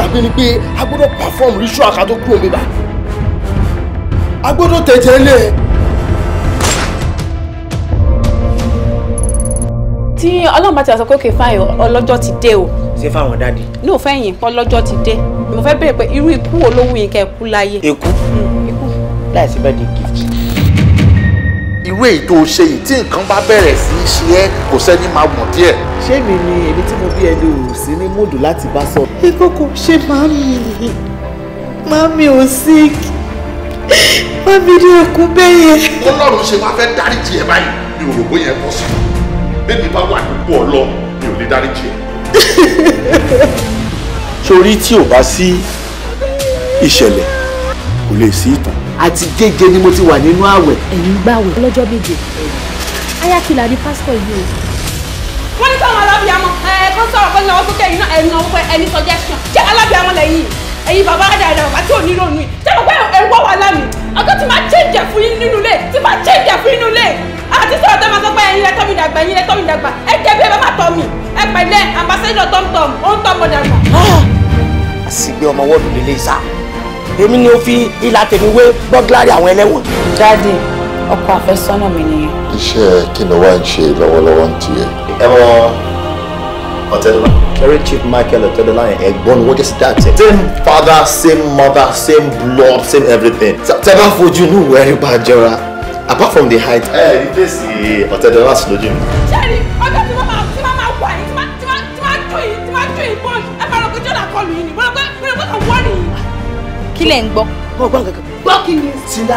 gbàgbé ni pé a gbọ́dọ̀ perform ritual ká tó kúrò níbà a gbọ́dọ̀ tẹ̀jẹ̀ lé e. tí ọlọ́run bá ti sọ pé òkè fáyọ ọlọ́jọ́ ti dé o. ṣé fáwọn dáàdi. ní òfẹ́ yìí ọlọ́jọ́ ti dé mo fẹ́ béèrè pé irú ikú wo ló wù yín kẹ́ ẹ kú láyé. ikú hmm, ikú láì sí bẹ́ẹ̀ di gift irú èyí tó ṣe yìí tí nǹkan bá bẹ̀rẹ̀ sí í ṣe ẹ́ kò sẹ́ni máa wọ̀n díẹ̀. ṣé mi ni èmi tí mo bí ẹni ò sí ní múdù láti bá sọ. ìkókò ṣe màámi màámi ò sí màámi ní ẹkún bẹ́yẹ. ọlọ́run ṣe wá fẹ́ dáríjì ẹ báyìí mi ò rò bóyá ẹ bọ́ sí i bébí bá wà nípò ọlọ mi ò lè dáríjì ẹ. torí tí ò bá sí ìṣẹ̀lẹ̀ kò lè sí ìtàn àti jẹ́jẹ́ ni mo ti wà nínú àwẹ̀. ẹ̀yin gbàwẹ̀ lọ́jọ́ méje ayakila ni pásítọ̀ yìí o. wọ́n ní sọ̀rọ̀ alábìyàmọ ẹ̀ kó sọ̀rọ̀ kó náwó sókè iná ẹ̀yìn náà pẹ́ ẹni suggestion jẹ́ alábìyàmọ lẹ́yìn ẹ̀yin bàbá àdàdà bàbá tí ò ní ronú yìí jẹ́ bàbá ẹ̀wọ́ wà lámì ọkọ tí máa change ẹ̀ fún yín nínú ilé tí máa change ẹ̀ fún yín nínú ilé àti sọ̀rọ̀ tó máa sọ pé ẹ̀yin lẹ́tọ́ mi dàgbà ẹ̀yin lẹ́tọ́ mi dàgbà ẹ̀ jẹ́ bí ẹ bá máa tọ́ mi ẹ pẹ̀lẹ́ ambassador tọ́mtọ́m ó ń tọ́ mọ̀ dàgbà. Ah! àsìgbé ọmọ wọ́ọ̀dù lélẹ́yìí sáà èmi ni ó fi ìlà tèmi wé bọ́gláàrì àwọn ẹlẹ́wọ̀n. dáàdi ọkọ àfẹ́sọ́nà mi nìyẹn. iṣẹ́ kí ni wàá ń ṣe lọ́wọ́lọ́wọ́ ń tiẹ̀. ẹ mọ ọ̀tẹ̀dọ̀lá kerry chief michael ọ̀tẹ̀dọ̀lá yẹn ẹ̀gbọ́n ni wọ́n jẹ́ sí dáàtẹ̀. same father same mother same blood same everything. tẹ́ bá fojú inú ẹ̀rí bá jọra apart from the height. ẹ ẹ ní fèsì ọ̀tẹ̀dọ̀lá sí lójú mi. ṣé ẹni kí lẹ̀ ń gbọ́. mo gbọ́ nǹkan gbọ́ kí ni. sinda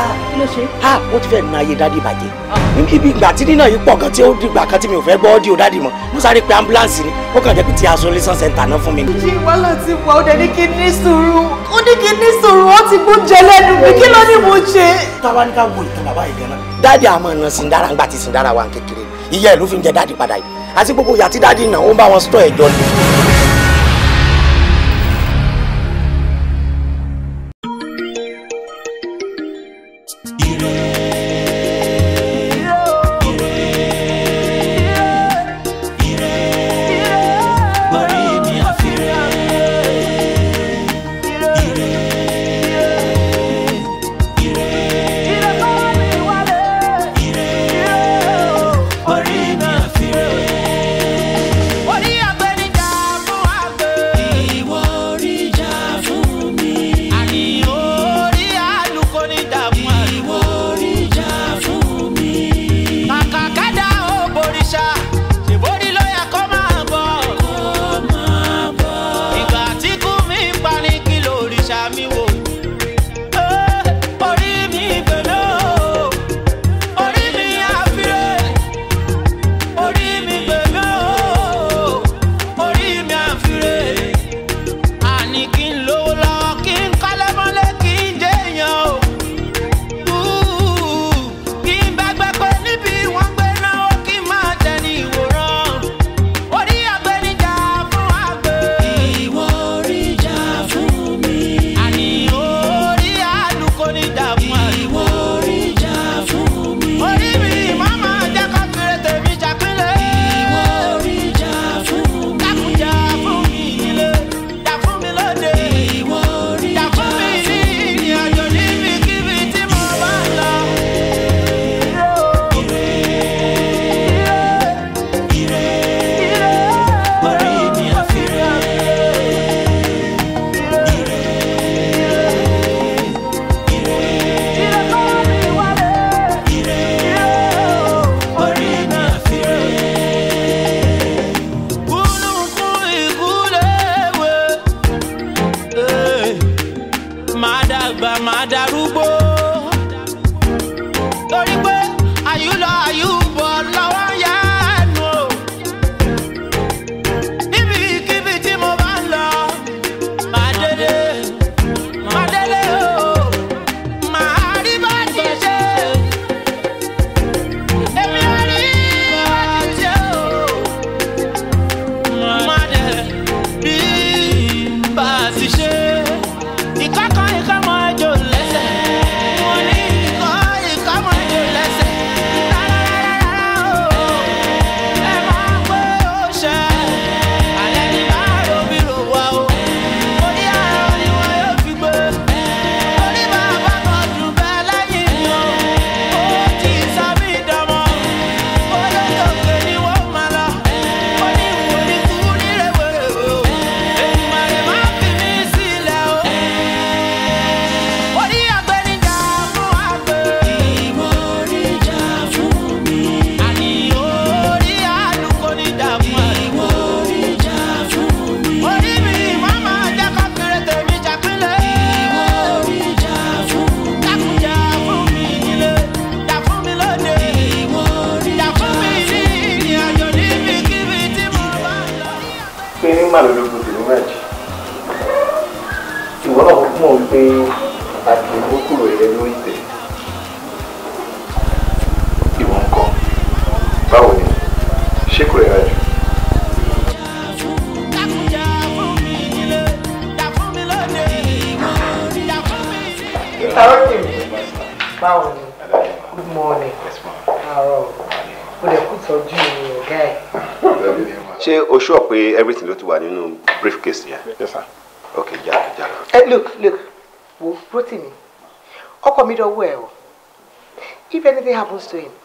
ha o ti fẹ́ na ayé dádì bàjẹ́. Ah. ibi ìgbà tí nínà yìí pọ̀ gan tí ó dìgbà kan tí mi ò fẹ́ gbọ́ ọ́díò dádì mọ́ mo sáré pe ambulance ni ó kàn jẹ́ pé ti aṣọ lẹ́sàn center náà fún mi. ṣé wàhálà ti wà ó dẹ̀ ní kí ní sùúrù ó ní kí ní sùúrù ó ti mú jẹ lẹ́nu mi kí ló ní mo ṣe. táwa ní ká wo ìtàn bàbá yìí gan-an dádì àmọ́ ìran sindara ń gbà ti sindara wa kékeré ìyá ẹ̀ ló fi ń jẹ dádì padà yìí àti gbogbo ìyá tí dádì náà ó ń bá wọn sọ ẹ̀jọ́ ni.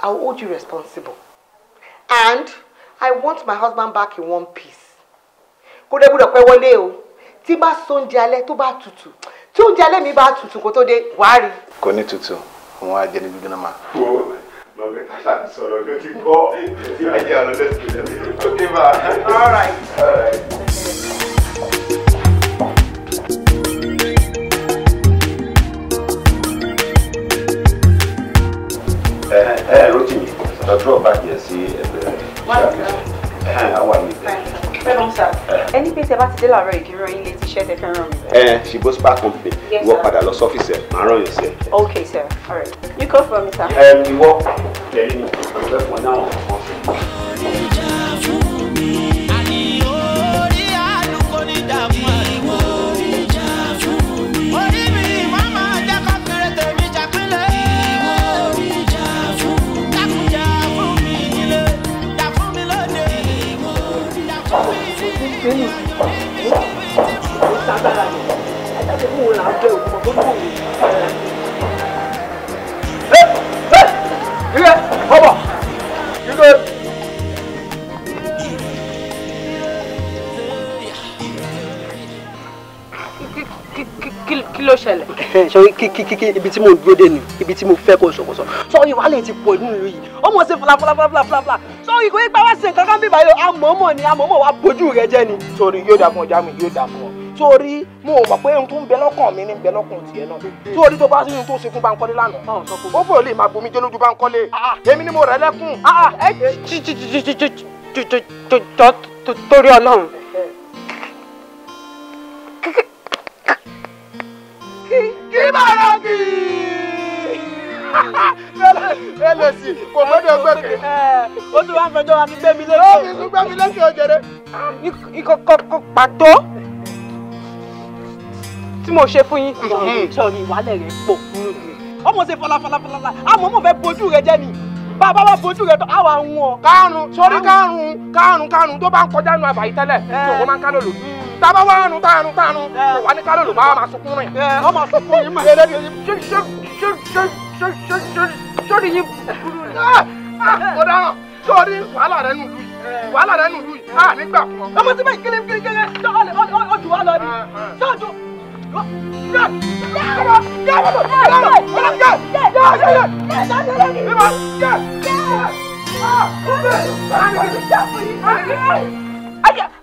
I will hold you responsible. And I want my husband back in one piece. Kó dé gbúdọ̀ pẹ́ o. Tí bá sóúnjẹ alẹ́ tó bá tutù. Tí oúnjẹ alẹ́ mi ba tutu koto de dé, Kone tutu, Kò ní tutù, nama. á jẹ ní gbígbóná máa. Wo lọ́gbẹ́ kásá All right. All right. ẹ eh, eh, Rotimi lọ drop bag yẹn sí ẹgbẹ́ rẹ̀ àwọn àmì ìbẹ̀rẹ̀. ẹni pé tẹ bá ti dé làárọ̀ ìdúró yín lè ti ṣẹ́ tẹ fẹ́ ràn mí. Eh, she goes back company wọ padà walk sọ́fíìsì ẹ màá ràn yín sí ẹ. ok sir all right you call for me sir. Um, you walk. àgbẹ̀fọ̀ náà wọ́n fún mi. kíkíkíkí ibi tí mo dúró dé ni ibi tí mo fẹ́ kó sọ̀kọ̀sọ̀ sọ́ọ́yì wàhálà ti pọ̀ nínú ìlú yìí ọmọ ṣe fúlàfúlàfúlàfúlà sọ́ọ́yì kò ipa wá sí nǹkan bíbá yóò àmọ́mọ́ ni àmọ́mọ́ wa bójú rẹ jẹ́ ni. sori yóò dà ọjà mi yóò dà fún mo mọ̀ pé ohun tó ń bẹ lọ́kàn mi ní bẹ lọ́kàn tiẹ̀ náà sori tó bá sínú tó ṣe fún Bankole lánàá ó fò lè máa bomi jẹ́lójú Bankole èmi ni mo rẹ̀ lẹ́kùn. torí Ọlọ́run ẹlẹsì kò gbọ́dọ̀ gbẹkẹ. Eh, ó ti wá fẹjọ́ wa fi gbé mi ó fi gbé mi létí òjèrè. ìkọ̀kọ̀ pàtó tí mo ṣe fún yín. sọ̀rọ̀ hmm. ìwálẹ̀ rẹ̀ pọ̀. ọmọ ṣe falafalafala àmọ́ fẹ́ bojú rẹ jẹ́ ni bàbá wa bojú rẹ tó àwa ń wọ. kárùn sórí kárùn kárùn kárùn tó bá ń kọjá nu àbàyí tẹ́lẹ̀ tí eh. máa ń kálò lò tábà wà nù tánù tánù kò ní kálò lò bá wà máa sunkún rìn. Eh, ọmọ sunkún yìí mà sórí yín burú ni. ọ̀daràn sórí wàhálà rẹ nù lù yìí wàhálà rẹ nù lù yìí a nígbà fún ọ. ọmọ tí bẹ́ẹ̀ kílẹ̀ kílẹ̀ kílẹ̀ ṣé ọ̀lẹ̀ ọ̀jù wa lọ ni ṣé ọ̀jù. Ayé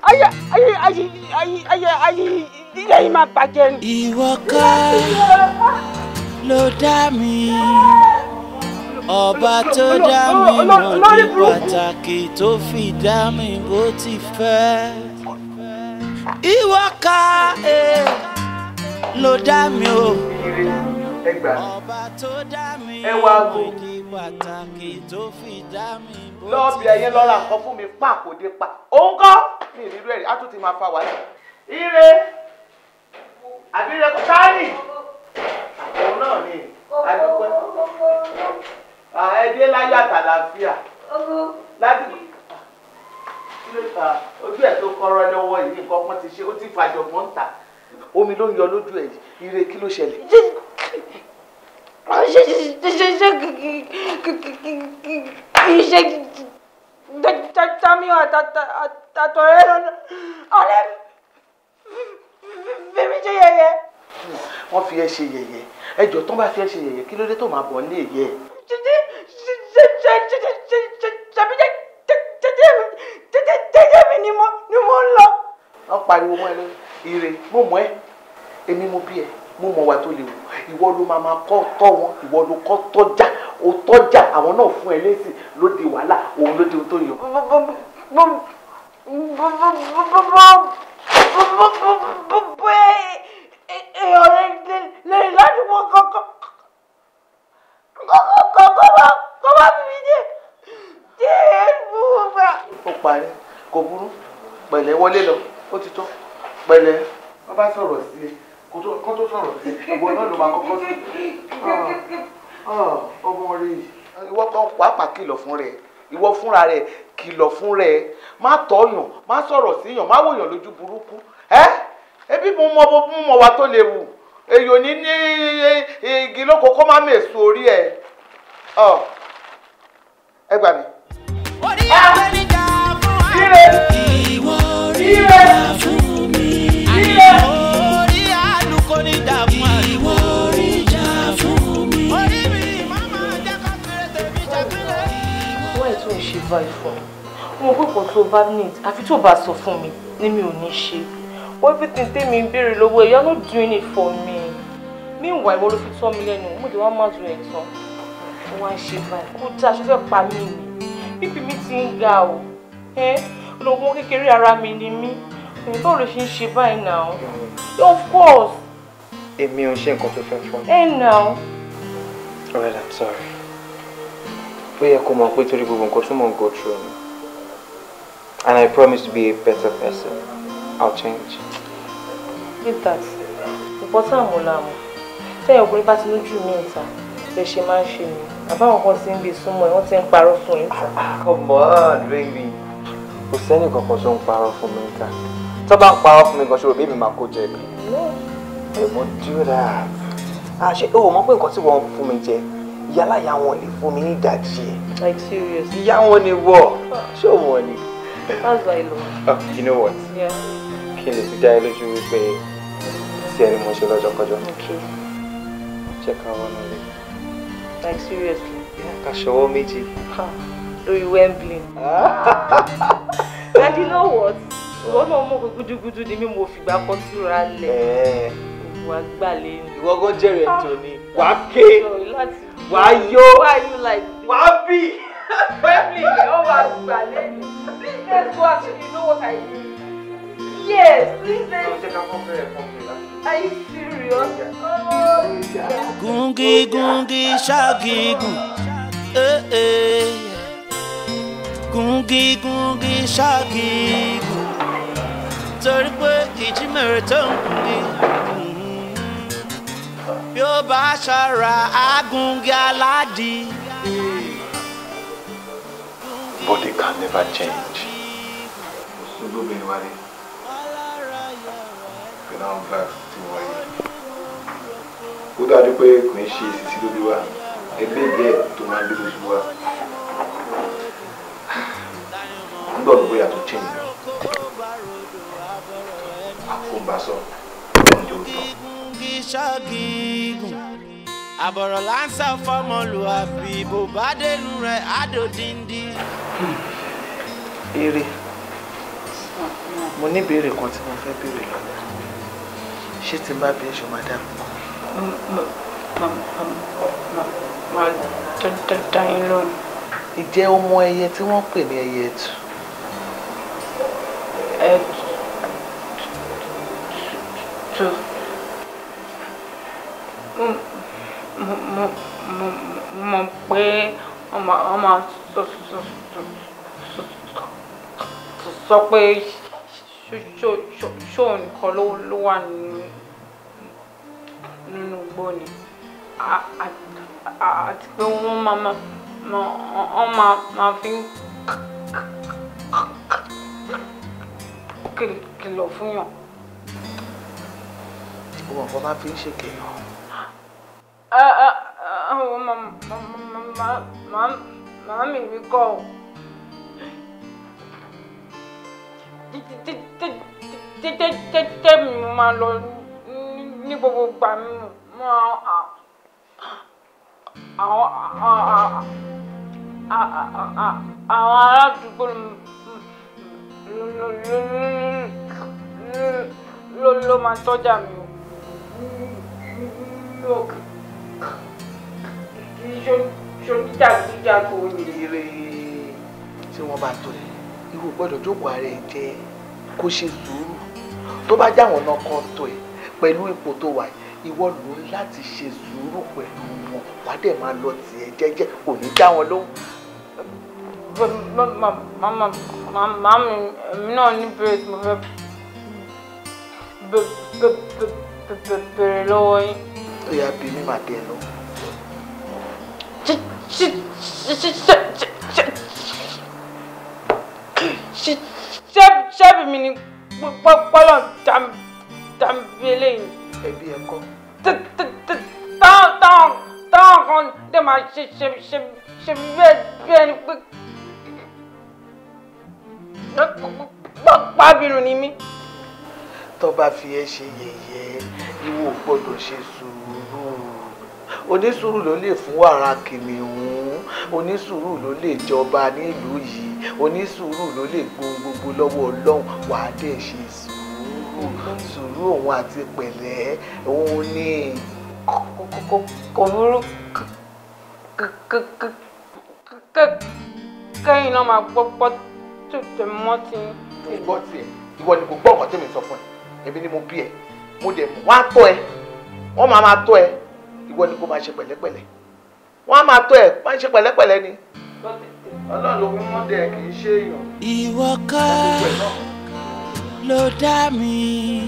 ayé ayé ayé ayé ayé ayé ilé yìí máa bàjẹ́ ni. Ìwọ ká ló dá mi ọba tó dá mi mọ̀ ní pàtàkì tó fi dá mi bó ti fẹ́ ìwọ ká ẹ e, ló dá mi o ọba tó dá mi mọ̀ ní pàtàkì tó fi dá mi bó ti fẹ́. lọ́ọ̀bì ẹ̀yẹ lọ́ra kan fún mi pàkódé pa òun kọ́ mi ìrírú ẹ̀rí á tún ti máa fa wàhálà. ire àbí rẹ kò sáárì òun náà ni adúpẹ́ ẹdí láyé àtàlàfíà láti ojú ẹ̀ tó kọ́rọ́ lọ́wọ́ yìí nǹkan kan ti ṣe ó ti fàjọ̀gbọ́n ń ta omi ló ń yọ lójú ẹ̀ ire kí ló ṣẹlẹ̀. ṣe ṣe ṣe ṣe kì í ṣe tami àtàtọ̀rẹ́ lọ́nà ọ̀lẹ́ fẹ́mi ṣe yẹyẹ school wọ́n fi ẹ́ ṣe yẹ̀yẹ́ ẹjọ́ tó bá fi ẹ́ ṣe yẹ̀yẹ́ kí ló dé tó máa bọ̀ nílé yẹ. jẹjẹ mi ni mo ń lọ. wọ́n pariwo mọ́ ẹ lórí ire mo mọ̀ ẹ́ èmi mo bí ẹ mo mọ̀ wà tó lè wù ìwọ ló máa máa kọ́ tọ́ wọn ìwọ ló kọ́ tọ́jà ó tọ́jà àwọn èèyàn lè ládùúgbò kankan kọ́kọ́ kọ́ bá fi jẹ́ jẹ́ gbogbo gbà. ó parí kò burú pẹ̀lẹ́ wọlé lọ ó ti tọ́ pẹ̀lẹ́ wọ́n bá sọ̀rọ̀ sí i kó tó sọ̀rọ̀ sí i ọ̀gbọ́n náà ló máa kọ́kọ́ sí i ah, ah, ọmọ rẹ ìwọ kan pàápàá kìlọ̀ fún rẹ ìwọ fúnra rẹ kìlọ̀ fún rẹ má tọ̀yàn má sọ̀rọ̀ síyàn má wòyàn lójú burúkú ebi mo mọ bó mú mọ wa tó léwu èyí ò ní ní igi lóko kó má mèso orí ẹ ọ ẹ gbà mí. orí àwọn mi dà fún wa. ìwọ orí dà fún mi. àìmọ́ orí àlùkò ní dà fún wa. ìwọ orí fún mi. orí mi màmá jẹ́ ká kéré tèmi jẹ́ kílẹ̀. wọ́n ẹ̀ tún ṣe báyìí fún ọ. wọn kò tó bá ní àfi tó bá sọ fún mi ni mi ò ní ṣe everything tẹ́ mi béèrè lọ́wọ́ ẹ̀ you are not doing it for me meanwhile ìwọ ló fi tọ́ mi lẹ́nu mo dé wá má ju ẹ̀ tán ó wá ń ṣe báyìí kó dáa ṣe fẹ́ pa mí ni bíbí mi ti ń ga o ológun kékeré ara mi ni mí èmi báwo ló ṣe ń ṣe báyìí náà of course. èmi ò ṣe nǹkan tó fẹ́ fọ́. ẹ nà ó. well i'm sorry ó yẹ kó mọ̀ pé torí gbogbo nǹkan tó mọ̀ ń go through me and i promise to be a better person i'll change leave that ìpọ́tà mo là mọ̀ tẹ́yìn ọkùnrin bá ti lójú mi ìta lè ṣe máa ń mi àbáwọn kan ti ń bi súnmọ́ ẹ̀ wọ́n ti ń parọ́ fún ah, ah, come on baby kò sẹ́ni kankan tó ń parọ́ fún mi ta tó bá ń parọ́ fún mi gan ṣòro bí mi máa kó jẹ mi. mo do that. àṣé ah, o mọ̀ pé nǹkan tí wọ́n fún mi jẹ yálà ìyá wọn lè fún mi ní ìdajì like serious. ìyá wọn ni wọ ṣé òun wọn ni. that's why lo. Oh, you know what. Yeah. ni ti dialogue with me? tiẹ̀ ni mo ṣe lọ́jọ́ kọjọ́. jẹ́ ká wọ́n náà lè. like seriously. ká ṣọwọ́ méjì. lórí wembley. and you know what ìwọ náà mọ̀ pé gúdúgúdú ni mí mo fìgbà kan túra lẹ̀ wàá gbà lẹ́nu. ìwọ gan jẹrẹ ètò ni wàá ké wàá yó wàá bì. wembley ó wàá gbà lẹ́nu. please let's go out you know what i mean. Yes, please let me. Are you serious? Oh, Gungi, gungi, shaggy, gung. Eh, eh. Gungi, gungi, shaggy, gung. Torí pé ìjímèrè tó ń gungi. Bí ó bá ṣara agungi Body can never change. Sùgbọ́n bẹ̀rẹ̀ náà verse tí wọ́n yẹ ó dájú pé kò ń ṣe ìsísí lórí wa ẹgbẹ́ ìgbẹ́ tó máa ń dé lójú wa nígbà tó bóyá tó change lọ àfọ̀nbásọ ọ̀dọ̀ òótọ́ àbọ̀rọ̀ lánsá fọmọlúwàbí bò bá dénú rẹ̀ àdòdìndì. èrè mo ní ìbéèrè kan tí mo fẹ́ béèrè lọ́wọ́ ṣé tí n bá bí ẹṣọ madam. màá dá yín lónìí. ìjẹ́ ọmọ ẹyẹ tí wọ́n pè ní ẹyẹ ẹ̀tù. ẹ̀tù. mo mọ̀ pé ọmọ sọ pé ṣóò nìkan ló wà nínú nínú igbó ni àti pé wọ́n máa fi ń kìlọ̀ fún yàn. Gbogbo nǹkan máa fi ń ṣèké yàn. Màámi mi kọ́ ọ. Tẹ́tẹ́tẹ́tẹ́ mi máa lọ ní gbogbo gbà mọ́ àwọn àwọn aládùúgbò ló ló máa tọ́jà mi o tí wọ́n bá tọ́ ẹ irú gbọ́dọ̀ jókòó ara jẹ́ kó ṣe sùúrù tó bá jáwọn náà kọ́ tọ́ ẹ pẹ̀lú ipò tó wà ìwọ ló ń láti ṣe sùúrù pẹ̀lú wọn wàá dẹ̀ máa lọ tiẹ̀ jẹ́jẹ́ kò ní dá wọn lóhùn. màmá mi èmi náà ní bèrè tí mo fẹ́ bèrè lọ́wọ́ yín. ó yà bí mi màá bẹ́ẹ̀ lọ. ṣẹ́bi mi ni pọ́pọ́lọ́ dá mi tàbílẹ̀. ẹbí ẹ kọ. táwọn táwọn kan dẹ̀ máa ṣe ṣe ṣe ṣe bẹ́ẹ̀ bẹ́ẹ̀ ni pé pábìrún ni mí. tó bá fi ẹ ṣe yẹ̀yẹ́ ìwọ gbọ́dọ̀ ṣe sùúrù onísùúrù ló lè fún wàrà kìnìún onísùúrù ló lè jọba nílùú yìí onísùúrù ló lè gbóhùn gbogbo lọ́wọ́ ọlọ́run wàá dẹ̀ ṣe sùúrù sùúrù òun àti pẹ̀lẹ́ òun ni kò burú kẹ́yìn náà máa gbọ́ pọ́ tètè mọ́ ti. ìgbọ́ tiẹ̀ ìwọ ni kò gbọ́ ọ̀kan tèmi sọ fún ẹ èmi ni mo bí ẹ mo dẹ̀ wá tọ́ ẹ wọ́n máa máa tọ́ ẹ ìwọ ni kò máa ṣe pẹ̀lẹ́pẹ̀lẹ́ wọ́n máa tọ́ ẹ máa ṣe pẹ̀lẹ́pẹ̀lẹ́ ni. ọlọ́run ló mú mọ́dẹ kì í ṣe èèyàn. ìwọ ká ló dá mi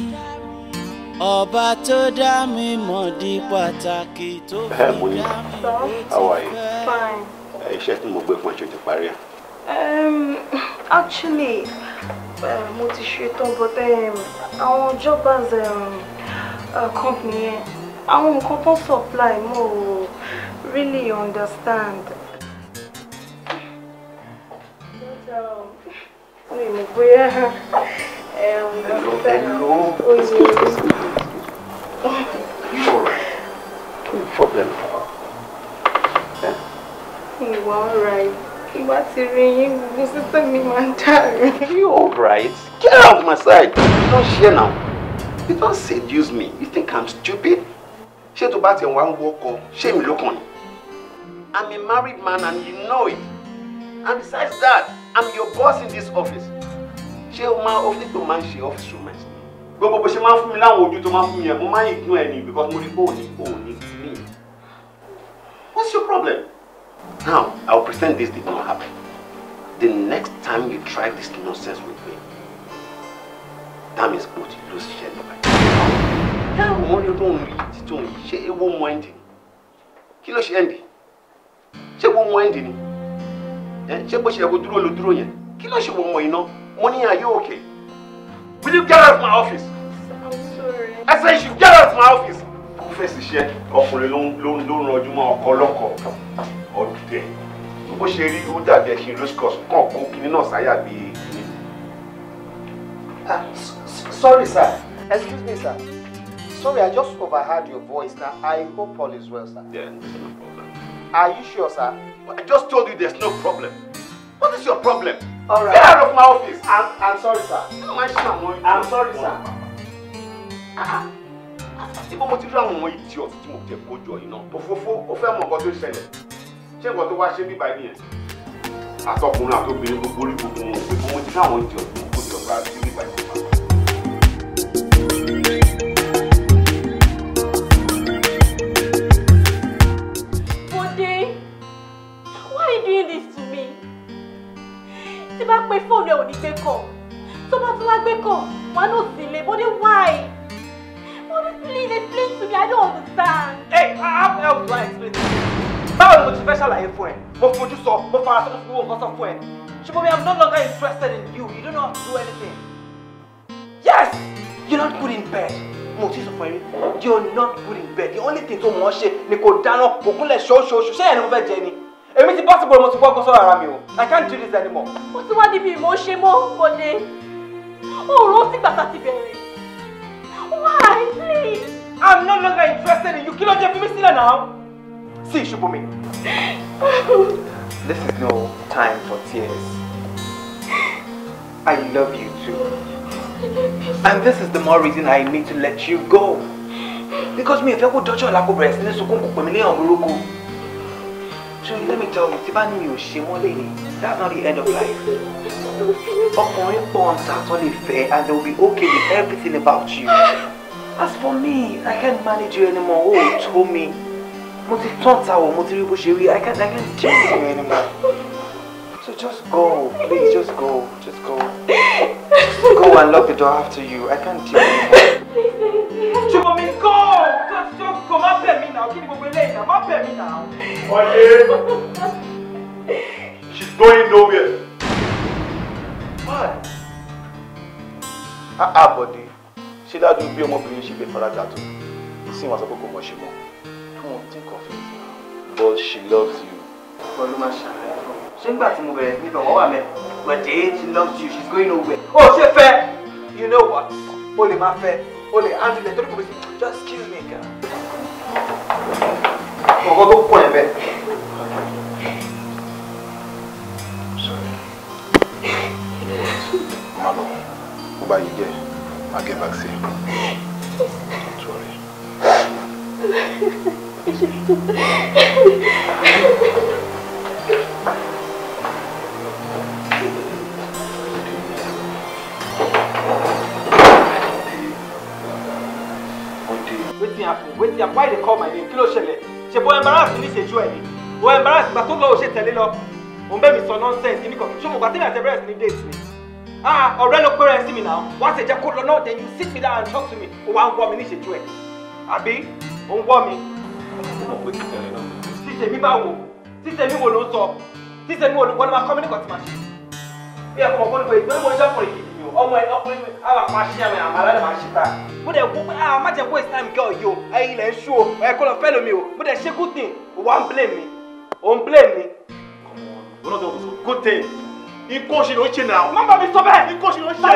ọba tó dá mi mọ̀ di pàtàkì tó fi dá mi ló ti fẹ́. iṣẹ́ tí mo gbé fún ẹ̀ṣọ́ ti parí ẹ̀. Um, actually uh, mo ti ṣetán but um, àwọn jobbers um, uh, company yẹn àwọn nǹkan tó supply mo really understand. mi ò mọ̀ bóyá. Um hello, hello. You alright? No problem. Ìwà alright. Ìwà ti rí yín gbogbo sísọ mi máa ń dàrú. You alright? Get out of my sight. don't share now. You don't seduce me. You think I'm stupid? Ṣé to bat ti one ń wọ́kọ̀, ṣé mi ló kàn I'm a married man and you know it. And besides that, I'm your boss in this office ṣé o máa ọ́fíìsì tó máa ń ṣe ọ́fíìsì tó máa ń ṣe gbogbo bó ṣe máa ń fún mi láwọn ojú tó máa ń fún mi yẹn mo máa ń ignore ẹ ní because mo rí pé òní òní ní what's your problem now i will pretend this did not happen the next time you try this nonsense with me that means mo ti lose iṣẹ́ nípa ẹ̀ táwọn ọmọdé tó ń rí tó ń ṣe ewu mọ ẹ̀ǹdì kí ló ṣe ẹ̀ǹdì ṣé ewu mọ ẹ̀ǹdì ni ṣé bó ṣe ẹ̀kọ́ dúró ló dúró yẹn kí know she won't ọmọ iná mo ní are you okay will you get out of my office. I'm sorry. I said you should get out of my office. kó fèsì iṣẹ́ ọkùnrin ló ń ranjú mọ́ ọkọ lọ́kọ̀ ọ̀dùtẹ̀ bó ṣe rí ó dàbí ẹ̀kí roscos kàn kó kinní náà sáyà bí kinní. Ah, sorry sir excuse me sir sorry I just overheard your voice Now I hope all is well sir. Yeah, there's no problem. Are you sure sir? I just told you there's no problem. What is your problem? All right. Get out of my office. I'm, I'm sorry, sir. I'm sorry, sir. Mm. Ṣé mo ti rí àwọn ọmọ ìdí ọtí tí mo tẹ̀ kójú ọ̀yìn náà? Òfófó ó fẹ́ mọ nǹkan tó ṣẹlẹ̀. Ṣé nǹkan tó wá ṣe bíbá nìyẹn? Àtọkùnrin àtobìnrin gbogbo orí gbogbo wọn pé mo ti rí àwọn ìdí ọtí mo kójú ọ̀gbà sí bíbá yìí. bá pe fóònù ẹ̀ ò ní gbé kọ̀ tó bá tún wá gbé kọ̀ wà á nò sí ilé mo ní why honestly they explain to me I don't understand. ẹ how else do I explain to you báwo ni mo ti fẹ́ ṣàlàyé fún ẹ mo fojú sọ mo fara sọ mo fi wo nǹkan sọ fún ẹ ṣùgbọ́n mi I'm no longer interested in you you don't know how to do anything yes you're not put in bed mo ti sọ fún ẹ rí you're not good in bed the only thing tó mọ̀ ọ́ ṣe ni kò dáná kò kúnlẹ̀ ṣoṣooṣù ṣé ẹ̀ ni mo fẹ́ jẹ ni èmi ti bọ́sì bọ̀rọ̀ mo ti gbọ́gbọ́ sọ̀rọ̀ ara mi o I can't do this anymore. ó ti wá níbi ìmọ̀ ṣe mọ́ bọ̀dé òòrùn ó sì gbàtà ti bẹ̀rẹ̀ why please. I'm no longer interested in you kí ló jẹ́ fún mi sílẹ̀ náà. sí ìṣubú mi. This is no time for tears. I love you too. And this is the more reason I need to let you go. Because mi ò fẹ́ kó dọ́jọ́ ọ̀la kó bẹ̀rẹ̀ sí ní sunkún kò pè mí léèyàn burúkú. Actually, let me tell you, tí bá ní mi ò ṣe that's not the end of life. Ọkùnrin pọ̀ ń sàtọ́ lè fẹ́ and they will be okay with everything about you. As for me, I can't manage you anymore. Oh, tó me? Mo ti tán ta o, mo ti rí bó ṣe rí. I can't, I can't change you anymore. So just go, please, just go, just go. Just go and lock the door after you. I can't deal anymore. Chubomi, go! Just, just go. Má bẹ̀ me now. Kí ni gbogbo eléyìí náà? Má bẹ̀ now. Oye, she's going nowhere. Why? Ah, ah, bọ̀dé. Ṣé dájú bí ọmọbìnrin ṣe lè faradà tó? Ìsìn wa sọ pé kò mọ̀ ṣe mọ́. Don't think of it. But she loves you. Pẹ̀lú ṣé nígbà tí mo bẹ̀rẹ̀ níbẹ̀ wọ́n wà mẹ́ but eh she loves you she's going nowhere. o ṣe fẹ́ you know what o lè máa fẹ́ o lè handle the three police just kill me girl. ọkọ tó kọ ẹ bẹ́ẹ̀. Malo, who by you get? I'll get back to you. Don't worry. happen wetin happen why they call my name kí ló ṣẹlẹ̀ ṣe bó embarrass ní ìṣẹ́jú ẹ̀ ni o embarrass gbà tó lọ òṣè tẹ̀lé lọ òun bẹ́ẹ̀ mi sọ nonsense níbi kan ṣé mo gbà tẹ́lẹ̀ àtẹ̀bẹ̀rẹ̀ sí ní date mi ah ọ̀rẹ́ ló pẹ́rẹ́ sí mi náà wá ṣe jẹ́ kó lọ náà then you sit me down and talk to me o wa ń wọ́ mi ní ìṣẹ́jú ẹ̀ àbí o ń wọ́ mi. títẹ̀ mi bá wò títẹ̀ mi wò ló ń sọ títẹ̀ mi wò ló ń wọ́n ló máa kọ́ mi ní kọ́tìmáṣe bí ẹ̀kọ́ mọ̀ ọmọ ẹ ọkùnrin mi a ṣe ló ṣe náà. má bàbí sọ bẹ́ẹ̀ ikú òṣì ló ṣe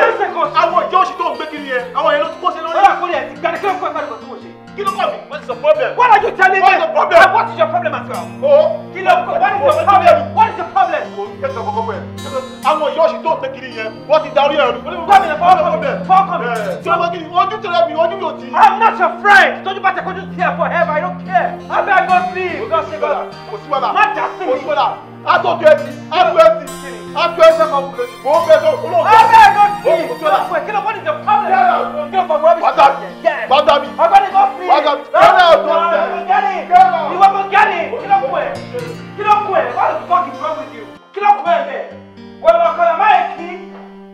àwọn ìjọ òṣì tó ń gbé kiri yẹn àwọn yẹn ló ti ṣe lórí. ó yà kó ti gbàdúrà kí ló ń kó Kí ló kọ́ mi? What's the problem? What are you telling me? What is the problem? And what is your problem as well? Oh. kill him! kọ́ What is your oh. problem? What is your problem? O kẹ́ sọ kọ́kọ́ pẹ̀. Àwọn ìyọ́ọ̀ṣì tó tẹ kiri yẹn, wọ́n ti darí ẹ̀rù. Fọ́ọ̀kì mi fọ́ọ̀kì mi fọ́ọ̀kì mi. Tí o bá kiri, ojú tẹ̀lé mi, ojú mi ò tí. I'm not your friend. Tójú bá tẹ kojú sí ẹ̀ forever, I don't care. Abẹ́ àgọ́ sí. Kò sí wàhálà. Má jà go mi. Kò sí wàhálà ato twenty ato eighty ato eighty kan kúlẹ̀ mò ń bẹ tó olóògbé. ọbẹ̀ ló di ìjọba kí ló wọ́n ti jẹ pọ́blẹ̀ kí ló fọwọ́ bí sọ̀rọ̀ jẹ. bàtà mi bàtà mi bàtà mi kẹ́lẹ́ ọ̀tọ̀ tẹ̀. ìwọ mo gẹ́lì kí ló kù ẹ̀ kí ló kù ẹ̀ wọ́n ti fọ́ọ̀kì wrong with you kí ló kù ẹ̀ bẹ̀ wọ́n lọ kọ́ ẹ̀ má yẹ kí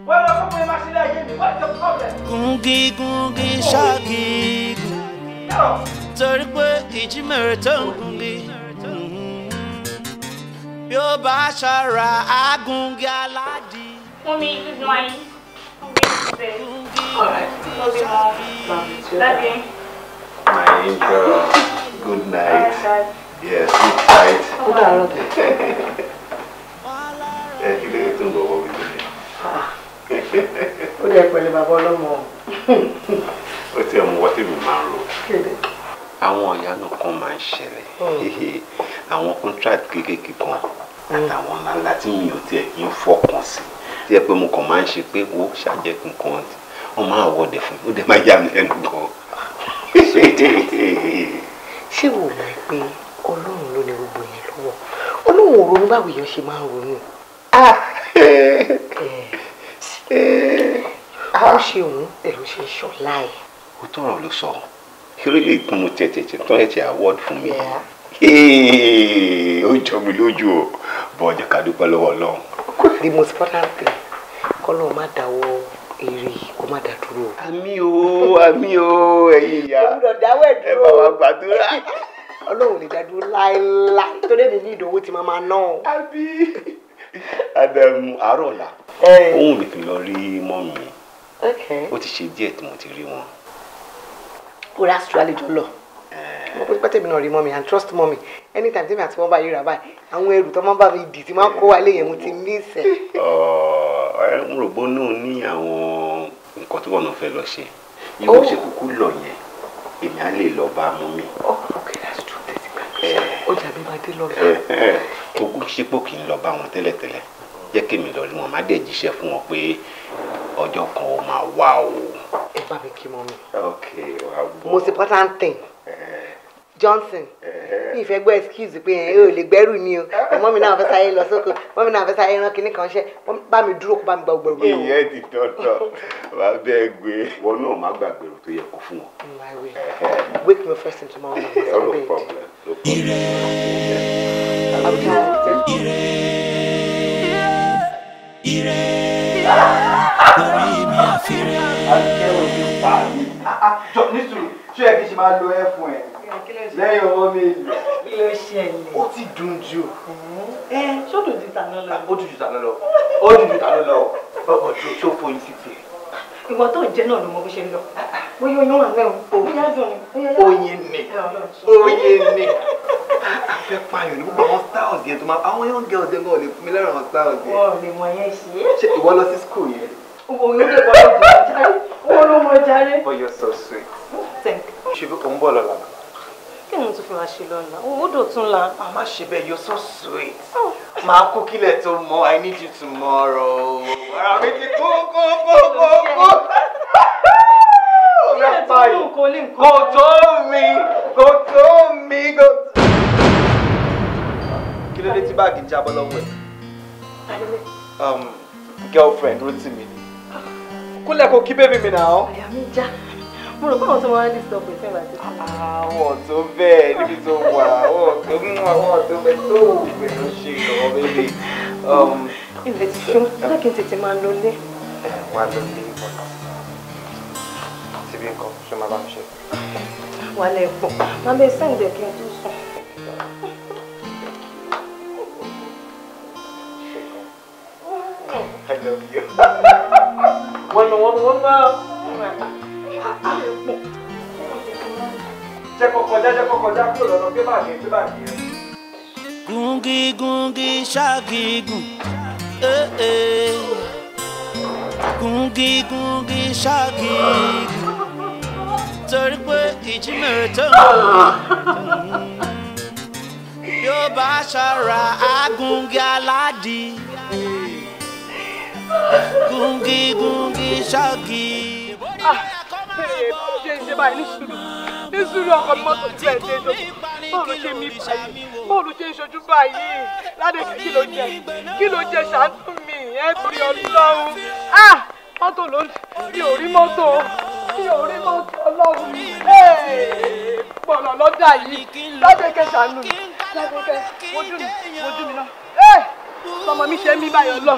wọ́n lọ kọ́ ẹ̀ má ṣe láyé mi wọ́n ti jẹ pọ́blẹ̀. gungi gungi ṣáàgì torí pé ìjímẹ̀rẹ̀ tó ń gungi bí ó bá ṣọ́ra agungi aládì. fún mi good night fún mi ṣe ọ̀rẹ́ ló bí mo lẹ́bi. my angel good night yes good night. ó dàrọ dé. ẹ kí lè tó ń bọ̀ wọ́n mi lónìí. ó jẹ́ pẹ̀lú bàbá ọlọ́mọ. ó ti ẹ̀ mú wọ́n tèmi máa ń lò. kéde àwọn ọ̀yánú kan máa ń ṣẹlẹ̀ hmm. àwọn contract kéékèèké kan hmm. àtàwọn ńláńlá tí mi ò tiẹ̀ kí n fọkàn sí tí ẹ pé mo kàn máa ń ṣe pé wo ṣàjẹkù nǹkan wọn máa wọdẹ fún mi ó dẹ máa yà mí lẹ́nu gan. ṣé wo mọ̀ pé ọlọ́run ló ní gbogbo yẹn lọ́wọ́ ọlọ́run ò báwo èèyàn ṣe máa ń ronú. Ah! Eh. Eh. ó ṣe òun ẹ̀rù ṣe ń ṣọ̀la ẹ̀. tọrọ ló sọ ṣeré lè kún mo tẹ̀tẹ̀ tẹ̀ tán ẹ̀tẹ̀ award fún mi ó jọ mi lójú o bọ́ ọjọ́ ká dúpẹ́ lọ́wọ́ ọlọ́run. the most important thing kọ́lọ́ má dáwọ́ èrè kó má dá dúró. àmì o àmì o ẹ̀yin ìyá ẹ bá wa gbàdúrà. ọlọ́run lè dá dúró láéláé torí èmi ní ìdánwò tí màmá náà. àbí adamu àárọ̀ ọ̀la òun nìkan lọ rí mọ́ mi ó ti ṣe díẹ̀ tí mo ti rí wọn kó rà sùúrù àlejò lọ mo pé pẹ́tẹ́ mi náà rí mọ́mi and trust mọ́mi anytime tẹ́mi àti wọ́n bá yíra báyìí àwọn ẹrù tó máa ń bá mi dì tí máa ń kó wálé yẹn mo ti mí ìsẹ̀. mo rò bó náà ní àwọn nǹkan tí wọn náà fẹ́ lọ ṣe yìí wọ́n oh. ṣe kúkú lọ yẹn èmi á lè lọ bá mú oh, ok that's true tẹ̀sí gbàgbé ọjà mi eh. máa dé lọ́la. ogún ṣípò kì í lọ bá wọn tẹ́lẹ̀tẹ́lẹ̀ jẹ́ kí èmi lọ rí wọn má dẹ̀ jíṣẹ́ fún wọn pé ọjọ́ kan ó máa wá o bá mi kí mọ́ mi. mo ti pọ́tàntìn Johnson ní ìfẹ́ gbọ́ excuse pé ẹ̀ ò lè gbẹ́rù ni o mọ́ mi náà fẹ́ sáyé lọ sóko mọ́ mi náà fẹ́ sáyé rán kinní kan ṣẹ́ bá mi dúró kó bá mi gba ògbèrò. ìyẹn ti dọ́dọ̀ wà á bẹ́ẹ̀ gbé wọn náà má gbàgbèrò tó yẹ kó fún mm, wọn. wake me first thing tomorrow morning. no problem. ire ire ire orí mi àfi nísùn ṣé ẹ kì í ṣe máa lo ẹ fún ẹ lẹ́yìn ọwọ́ méjì. kí ló ṣẹlẹ̀. ó ti dùn jù. ẹ ṣó dùn ju tàná lọ. ó dùn ju tàná lọ ó dùn ju tàná lọ ọkọ tó tó foyín sí pé. ìwọ tó jẹ náà ló mọ bó ṣe lọ bóyá oyún wà lẹ́wọ̀n bóyá dùn ni. oyin ni oyin ni fẹ́ pààyàn ní gbogbo àwọn styles yẹn tó máa àwọn young girls yẹn náà lè lẹ́rọ̀ àwọn styles yẹn. wọ́n ò lè mọ yẹn ṣe. ṣé ìwọ lọ sí school yẹn owó oh, mi you're so sweet. thank you. ṣe bí o ń bọ̀ lọ́la. kí ni mo tún fi you're so sweet. màá kú kílẹ̀ tó mọ i need you tomorrow. ara mi ti kú kú kú kú kú. kílẹ̀ tó mú nǹkan ní nǹkan. kò tó mi kò tó mi kò tó. kí ló dé tí báàgì jábọ́ lọ́wọ́ ẹ̀. girlfriend Rotimi ni kúnlẹ̀ kó kí bébí mi náà. àyà mo rò pé àwọn tó máa ń lè sọ fẹ́ bá ti tó bẹ́ẹ̀ níbi tó wà àwọn tó ń wà àwọn tó bẹ́ẹ̀ tó bẹ́ẹ̀ ló ṣe ìrànwọ́ bébí. Um, ilẹ̀ ti ṣó lákì tètè máa lọ lé. wà á lọ lé ìbọn náà síbi nǹkan ṣó máa bá mi ṣe. wà á lẹ̀ pọ̀ máa bẹ sẹ́ǹdẹ̀ kí n tó sùn. I love you. wọ́n nà wọ́n wọ́n bá jẹ́ kó kọjá jẹ́ kó kọjá kúrò lọ́nà gbé báàgì gbé báàgì rẹ̀. gungi gungi eh, eh. gungi gungi ṣaagigun torí pé ìjímèrè tó ń agungi aládìí gungi gungi ṣọ́ọ̀gì. Ah, ṣe ṣe báyìí ní sùúrù ní sùúrù ọkọ mi mọ́tò ti bẹ̀rẹ̀ my lójú báwo ló ṣe mí báyìí báwo ló ṣe ń ṣojú báyìí ládé kí ló jẹ kí ló jẹ ṣàánú mi ẹ torí ọlọ́run ah mọ́tò ló ń mi ò rí mọ́tò mi ò rí mọ́tò ọlọ́run gbọ̀nà lọ́jà yìí ládé kẹ ṣàánú mi ládé kẹ mojú mi mojú mi náà lọmọ mi ṣe ń bí báyìí ọlọ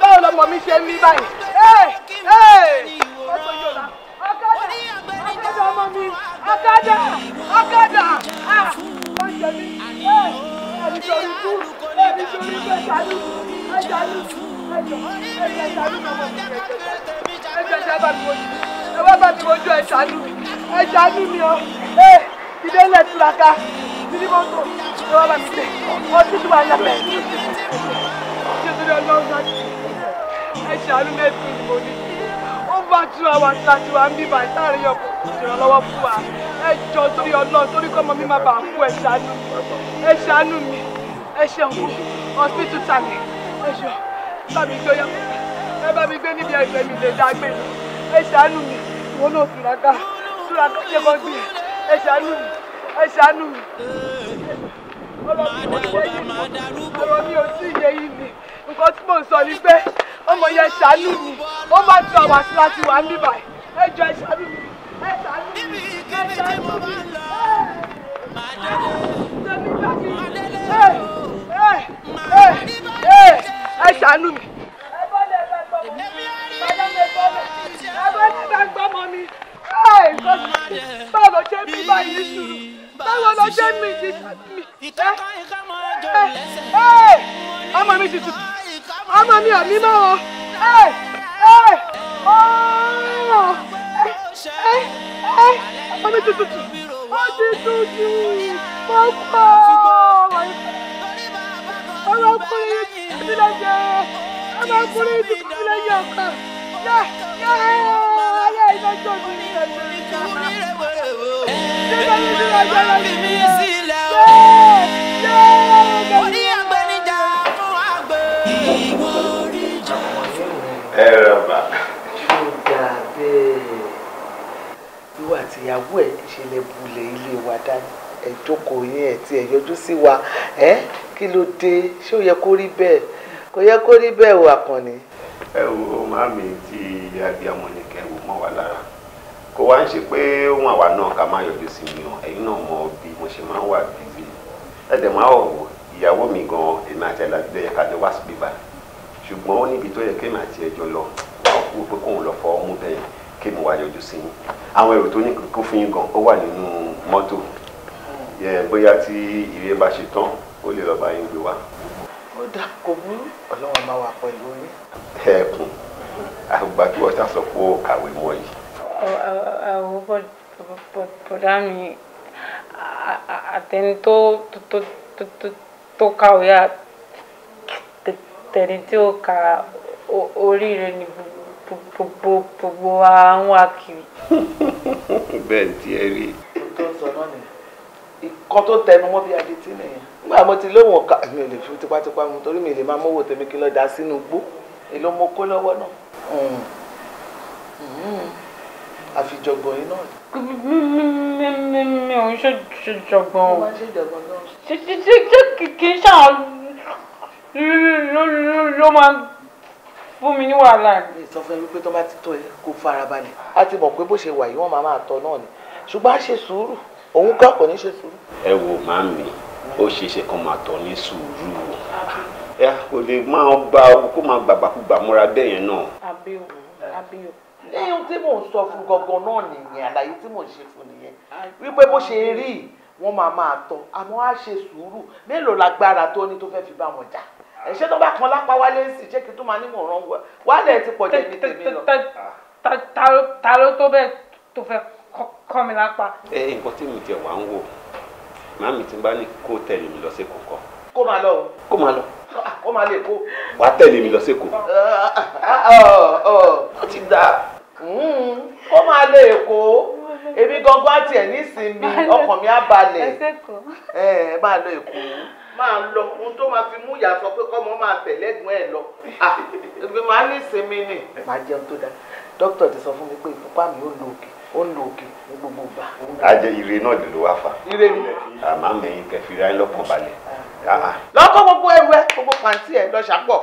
báwo lọmọ mi ṣe ń bí báyìí ee ee ọkadà ọmọ mi ọkadà ọkadà ah ó ṣe mí ee ẹni torí kú ẹni torí kú ẹjàlú ẹjàlú ẹjọ ẹjàlú ọmọ mi ẹjọ ẹjọ ẹjọ bá mi wojú ẹjọ bá mi wojú ẹjàlú ẹjàlú mi ọ ee ìdílé ilẹ̀ túraká títí kò tó ní wọ́n bá mi tẹ̀ wọ́n ti tún wà lábẹ́ ìdílé ọlọ́run náà ti ẹ ṣàánú mẹ́tì ni mo ó bá tú àwa láti wá ń bíbá ìtàrí ọkọ̀ ìrànlọ́wọ́ fún wa ẹ jọ torí ọlọ́run torí kọ́mọ mi má bàa kú ẹ ṣàánú mi ẹ ṣàánú mi ẹ ṣeun hospital tàbí ẹ ṣọ tàbí tó yá ẹ bá mi gbé níbi ẹgbẹ́ mi lè dá gbé ẹ ṣàánú mi wọn náà túraká túraká ṣe kọ́ gbé ẹ ṣàánú mi ẹ ṣàánú mi. ọ̀rọ̀ mi ò tí ì yé yìí mi nǹkan tí mò ń sọ ni pé ọmọ yẹn ṣàánú mi ó má ju àwọn àti láti wà ń bíbà ẹ jọ ẹ ṣàánú mi ẹ ṣàánú mi ẹ ṣàánú mi. ẹ ṣàánú mi. ẹ bọ́lẹ̀ bá gbọ́mọ mi. ẹ bọ́lẹ̀ bá gbọ́mọ mi báwo ṣe mi báyìí ní sùúrù báwo lọ ṣe mi ti mi. ọmọ mi ti tù ọmọ mi ò ní mọ́ wọn. ọmọ mi ti tù tù ó ti tù tù mo pọ̀ ọmọkùnrin ìdílé jẹ ọmọkùnrin ìdílé jẹ ọ̀kan yẹ yẹ lọ́jọ́ mi ní ẹ̀jẹ̀ mi ká. Nígbà tí Ẹ rọ̀bà. Ṣúgà ilé wa dání ẹ jókòó yín ẹ sí wa ẹ kí ló dé ṣé ó yẹ kó rí bẹ́ẹ̀ kò yẹ kó rí bẹ́ẹ̀ o àkànní. ẹ wo màmí tí abiyamọ ni wà lára kò wá ń ṣe pé ohun àwa náà ká máa yọjú sí mi o ẹ̀yin náà mọ bí mo ṣe máa ń wà bíbí ẹ̀dẹ̀ máa ọ̀ wò ìyàwó mi gan èmi àti ẹ̀làdúgbò yẹ ká lè wá síbí báyìí ṣùgbọ́n ó níbi tó yẹ kémi àti ẹjọ́ lọ wọ́n kú pé kóun lọ fọ ọmú bẹ́ẹ̀ kémi wá yọjú sí yín àwọn èrò tó ní kó fún yín gan ó wà nínú mọ́tò bóyá tí ìrẹ́ bá ṣe tán ó lè lọ́ọ́ bá yín gbé wá. ó dà kò burú ọlọ́run máa wà pẹ̀lú yín. ẹ̀ẹ̀kùn àgbà kí wọ́n tà sọ pé ó kàwé mọ́ yìí. àwọn bọ̀dá mi àtẹni tó tó kàwé àtẹni tí ó ka oríire ni gbogbo wa ń wá kiri. bẹ́ẹ̀ ni tí ẹ rí. tó ń sọ náà nìyẹn nǹkan tó tẹnu mọ́ bí adití nìyẹn. nígbà mo ti lóhùn ọ̀ka mi ò lè fi tipátipá mu torí mi lè máa mówó tèmi kí lọ́ọ́ da sínú igbó èló mo kó lọ́wọ́ náà. Mm. Mm-hmm. àfijọgbọn yìí náà. mi ò ń ṣèjọgbọn o ṣe kì í ṣàwọn ló máa ń fún mi ní wàhálà. ìsọfún wípé tó bá ti tọ́ ẹ kó farabalẹ̀ a ti mọ̀ pé bó ṣe wà yìí wọ́n máa máa tọ́ náà ni ṣùgbọ́n a ṣe sùúrù òun kọ́ kò ní ṣe sùúrù. ẹ wo màmí ó ṣeé ṣe kó máa tọ́ ní sùúrù ẹ kò lè máa gba kó máa gbàgbàkúgbà múra bẹ́ẹ̀ yẹn náà. abiyo abiyo lẹ́yìn tí mò ń sọ fún gangan náà nìyẹn àlàyé tí mò ń ṣe fún nìyẹn wípé bó ṣe rí wọn máa máa tọ àmọ́ á ṣe sùúrù mélòó lágbára tó ní tó fẹ́ fi bá wọn jà ẹ̀ṣẹ́ tó bá kan lápá wálé sí jẹ́ kí tó máa ní mò ń rán wọ wálé ti pọ̀ jù ní tèmi lọ. ta ló tó bẹ́ẹ̀ tó fẹ́ kọ́ mi lápá. ẹ nǹkan tí mi jẹ wà ń wò màmí ti bá ní kó tẹ̀lé mi lọ sí kòkó. kó máa lọ kó máa lọ ó máa lè kó. wà á tẹ̀lé mi lọ sí èkó. ó ti dà hmm, ó máa lè kó èmi gangan àti ẹ̀ nísìnyí ọkàn mi á balẹ̀ ẹ máa lọ èkó máa lọ ohun tó máa fi mú ìyá sọ pé kọ́mọ máa tẹ̀lé ẹ̀gbọ́n ẹ̀ lọ èmi máa ní ìsinmi nì. màá jẹun tó dáa dókítà ti sọ fún mi pé ìfúnpá mi ò lò òkè ó ń lo òkè ní gbogbo ìgbà. ajẹ ire náà lè ló wá fa. ire mi. àmọ́ àmì ẹ̀yin kẹfì ra ẹ lọ́kàn Ah. lọ́kọ́ gbogbo ẹrù ẹ gbogbo pàǹtí ẹ lọ ṣàpọ̀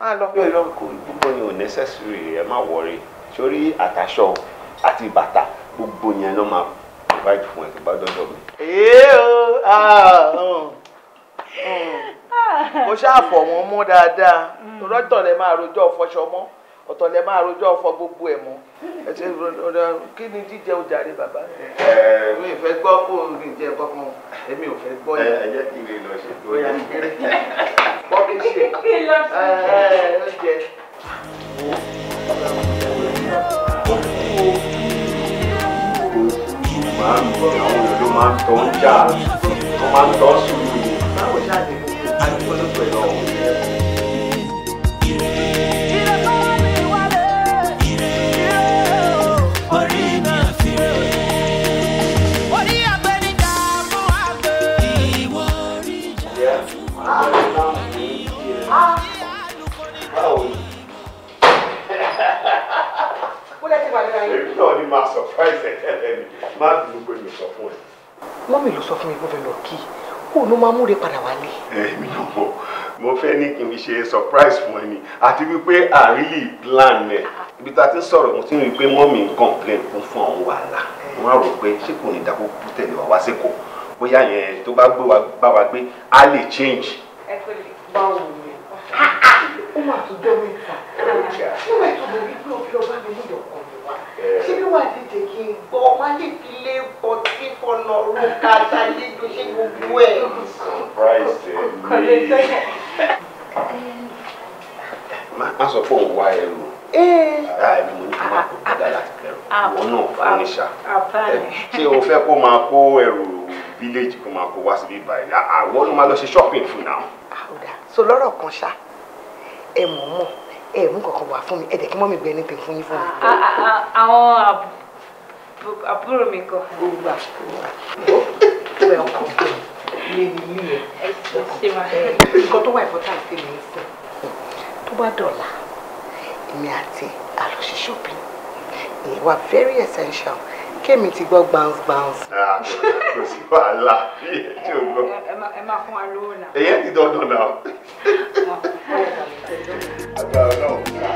máa lọ. yóò lọ kó gbogbo yẹn ò necessary ẹ má wọrí sórí àtàṣọ àti bàtà gbogbo yẹn ló máa provide fún ẹ tó bá dọ́dọ̀ mi. èyí o ah, oh, oh. mo ṣàfọ̀ wọn mọ́ dáadáa lọ́tọ̀ mm. lẹ máa rojọ́ fọṣọ mọ́ ọ̀tọ̀ lẹ máa rojọ́ fọ gbogbo ẹ̀ mọ́ ẹ ṣe ọ̀dà kí ni jíjẹ ojàre bàbá mi fẹ́ gbọ́ kó ní jẹ kankan èmi ò fẹ́ gbọ́ yẹn. ẹ jẹ́ kí ilé lọ ṣe tó yẹ. bọ́ kí n ṣe ẹ ẹ jẹ. máa ń tọ́ ń jà máa ń tọ́ sùúrù ṣàìsẹ̀ tẹ́lẹ̀ mi má bínú pé mi sọ fún ẹ. mọ́mí ló sọ fún mi pé fẹ́ lọ kí kó ló máa múre padà wálé. èmi náà mọ mo fẹ́ ní kí n ṣe surprise fún ẹ ni àti wípé I really plan ẹ ibi tá a ti ń sọ̀rọ̀ mo ti ń rí i pé mọ́mí ń complain fún fún àwọn wàhálà wọ́n á rò pé ṣé kò ní dàpọ̀ kú tẹ̀lé wa wá sẹ́kọ̀ọ́ bóyá yẹn tó bá gbé wa bá wa gbé a lè change. ẹ pé báwo ni ó máa ó máa tún dọ́ mẹ́ta ó ó máa tún dọ́ mẹ́ta ó máa tún dọ́ mẹ́ta ṣé bí wàá tètè kí n gbọ́ wọ́n lè fi lé ọtí fọ̀nà rúkà ṣàlejò ṣé gbogbo ẹ̀. má sọ pé òun wá ẹrù àìmọ̀ ní kí n kó padà láti wọn náà fún ìṣà ṣé o fẹ́ kó máa kó ẹrù village kó máa kó wá síbí báyìí àwọn ló máa lọ ṣe shopping fún náà. so lọ́rọ̀ kan ṣá ẹ mọ̀ mọ̀ ẹ mú kankan wá fún mi ẹ dẹ̀ kí mọ́mí gbẹ nípe fún yín fún mi. àwọn àbúrò mi kọ. gbogbo àbúrò mi ọkọ mi ní ilé ẹ nǹkan tó tó bá dọ̀la èmi àti àlọ́ṣe shopping ìyẹn wà very essential kémi ti gbọ́ gbàǹs ah, gbàǹs. kò sí wàhálà yẹ tí o gbọ́. ẹ máa fún wa lówó náà. èyí ti dandan náà. agbára náà ò ká.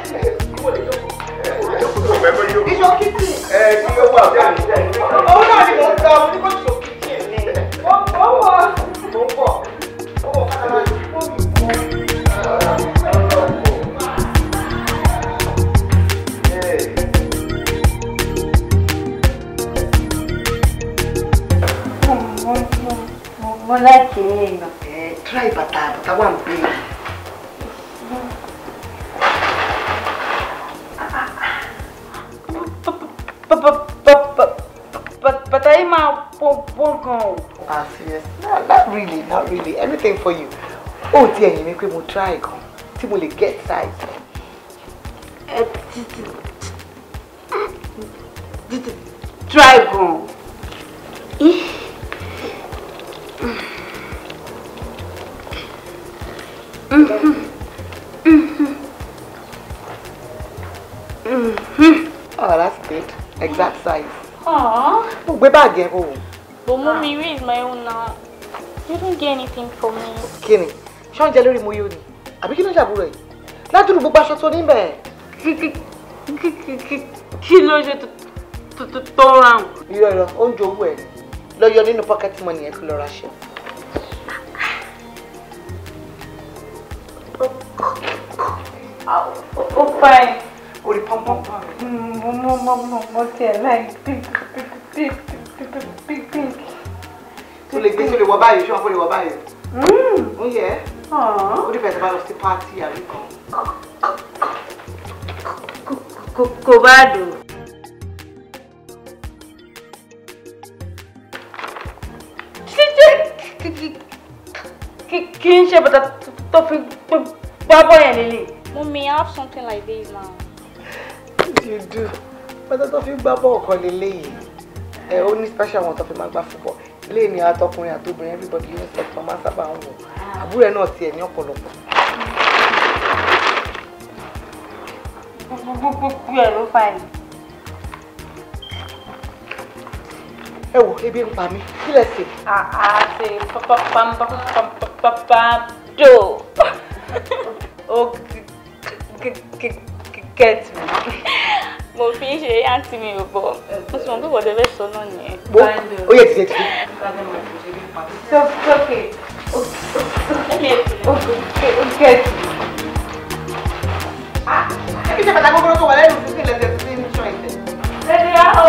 ìṣó kìtì. ẹ kí ló wà bẹ́ẹ̀ ni. òun náà ni mo ń gbà mo ní kó ìṣó kìtì ẹ̀ ní. ó wọ. mo ń bọ̀. ó wọ kára máa ń kó mi. mo láti èèyàn. try bàtà bàtà wà ń gbé e. bàtà yìí máa pọ́n gan ah serious no not really not really anything for you. Oh dear, you make me try Go. tí mo get size. Eh, try go. Mm-hmm. Mm-hmm. Mm-hmm. Oh, that's good. Exact size. Aww. Oh, gbé back ẹ̀ kò But mommy, where is my own now? You don't get anything from me. Kí ni? Ṣé oúnjẹ lórí Moyo ni? Àbí kí ló ń ṣàbúrò ẹ̀? Ládùúrú gbogbo aṣọ tó níbẹ̀. Kí ló ṣe tó ràn? Irọ́ irọ́, oúnjẹ owó ẹ̀ lọ yọ nínú pocket money ẹ̀ oh, fine. orí pọ́npọ́npọ́n mo mo mo mo mo tiẹ̀ láì pink pink pink pink. tó lè gbé tó lè wọ báyìí ṣọ́n kó lè wọ báyìí. Mm. ó yẹ ó dìbò ẹ̀ tó bá lọ sí pátì àbí kan. kò bá dùn. kí n ṣe bàtà tó fi bábọ̀ yẹn lélẹ̀. Mummy, I have something like this now. You do. Pátá tó fi gbá bọ́ọ̀ kan lélẹ̀ yìí. Ẹ ó ní special wọn tó fi máa gbá football. Ilé ni àtọkùnrin àtobìnrin everybody ní sọ̀tọ̀ máa sábà ń wò. Àbúrò ẹ̀ náà tiẹ̀ ní ọ̀pọ̀lọpọ̀. Gbogbogbò ẹ̀ ló fa yìí. ẹ wò ebi ń pa mí kí lẹ ṣe. àá ṣe pàpàpàpàpàpàpàdò. get me. mo fi ń ṣe àǹtí mi ò bọ̀ mo sì mọ̀ pé bọ̀dọ̀ fẹ́ sọ náà nìyẹn. bó o yẹ ti ṣe ti. ẹ kí ṣe pàtàkì gbogbo kò wà lẹ́nu fún kí ní ṣọ́ọ̀tẹ̀. lẹ́nu yà ó.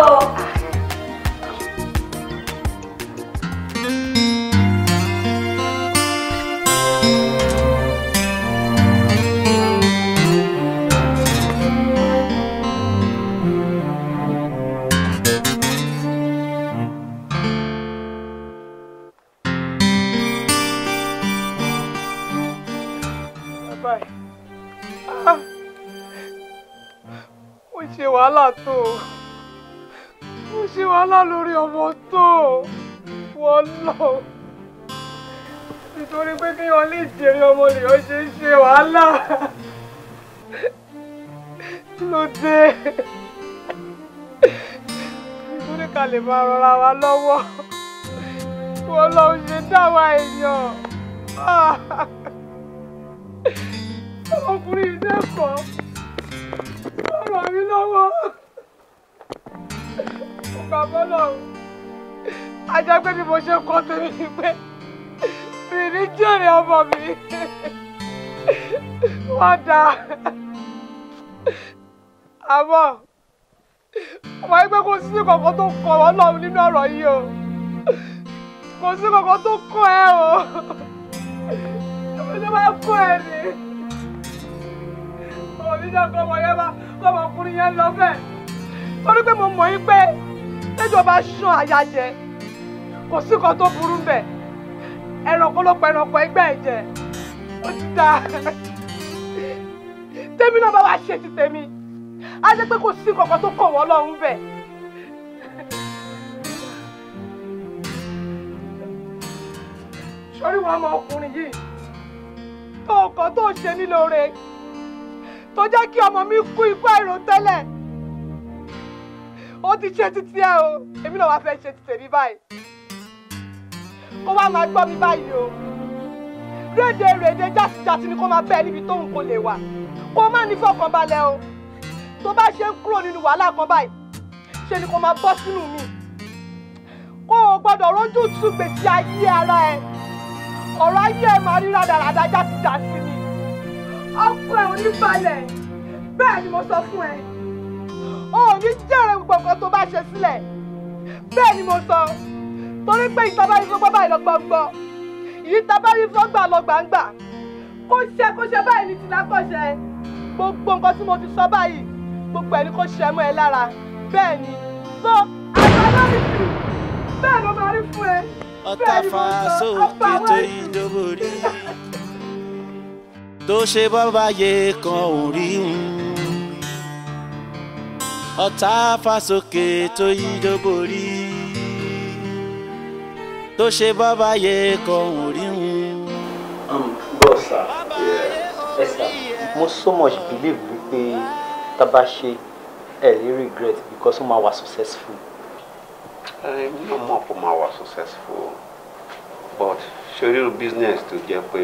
wàhálà lórí ọmọ tó wọ́n lọ nítorí pé kí wọ́n lè jèrè ọmọ lè ó ṣe ń ṣe wàhálà lóde nítorí ká lè máa rọra wa lọ́wọ́ wọ́n lọ ṣe dáwà èèyàn ọkùnrin ìdẹ́kọ̀ọ́ ọ̀rọ̀ mi lọ́wọ́ gbà bọ́lọ́run ajá pé bí mo ṣe kọ́ tèmi ni pé mi jèrè ọmọ mi wọ́n da àmọ́ ọmọ yìí pé kò sí kankan tó kọ ọlọ́run nínú ọ̀rọ̀ yìí o kò sí kankan tó kọ ẹ o ọmọ yìí kọ ẹ ni ọmọ mi náà kọ ọmọ yẹn bá ọmọkùnrin yẹn lọ bẹ́ẹ̀ torí pé mo mọ̀ yín pé tẹ́jọ́ bá ṣán àyà jẹ kò sí kan tó burú bẹ̀ ẹranko ló pa ẹranko ẹgbẹ́ ẹ̀ jẹ ó ti dáa tèmi náà bá wá ṣe ti tèmi á jẹ́ pé kò sí kankan tó kàn wọ́n lọ́hùn bẹ̀. sórí wọn ọmọ ọkùnrin yìí tó kàn tó ṣe nílò rẹ̀ tó jẹ́ kí ọmọ mi kú ikú àìròtẹ́lẹ̀ ó ti ṣe títí ẹ o èmi náà wàá fẹ́ ṣe títẹ̀ mi báyìí kó wá máa gbọ́ mi báyìí o rédè rédè jásìjásì ni kó máa bẹ́ẹ̀ níbi tóun kò lè wà kó má ní fọkànbalẹ̀ o tó bá ṣe ń kúrò nínú wàhálà kan báyìí ṣe ni kó máa bọ́ sínú mi kó o gbọ́dọ̀ rójú tú gbèsè ayé ara ẹ ọ̀rọ̀ ayé ẹ máa rí rádaràda jásìjásì ni ọkọ ẹ ò ní balẹ̀ bẹ́ẹ̀ ni mo sọ fún ẹ o ò ní jẹ́rẹ̀ gbogbo nǹkan tó bá ṣe sílẹ̀ bẹ́ẹ̀ ni mo sọ torí pé ìtaba yìí fọgbọ́n báyìí lọ́gbọ́ngbọ́ ìtaba yìí fọgbà lọ́gbàǹgbà kó ṣe kó ṣe báyìí ní tìlá kó ṣe gbogbo nǹkan tí mo ti sọ báyìí gbogbo ẹ̀ ni kó ṣe mọ́ ẹ lára bẹ́ẹ̀ ni so àtàlọ́rìsì bẹ́ẹ̀ ló máa rí fún ẹ bẹ́ẹ̀ ni mo sọ ọ̀pá wẹ́ẹ̀sì tó ṣe bàbá ọ̀tá fàsókè tó yí dóborí tó ṣe bọ́bá yẹ kọ̀hún rí hun. bọ́sà um, ẹ̀sà mo so much believe wípé tá a bá ṣe ẹ̀ lè regret because ó máa wà successful. èmi náà mọ̀ pé ó máa wà successful but ṣe orí business tó jẹ́ pé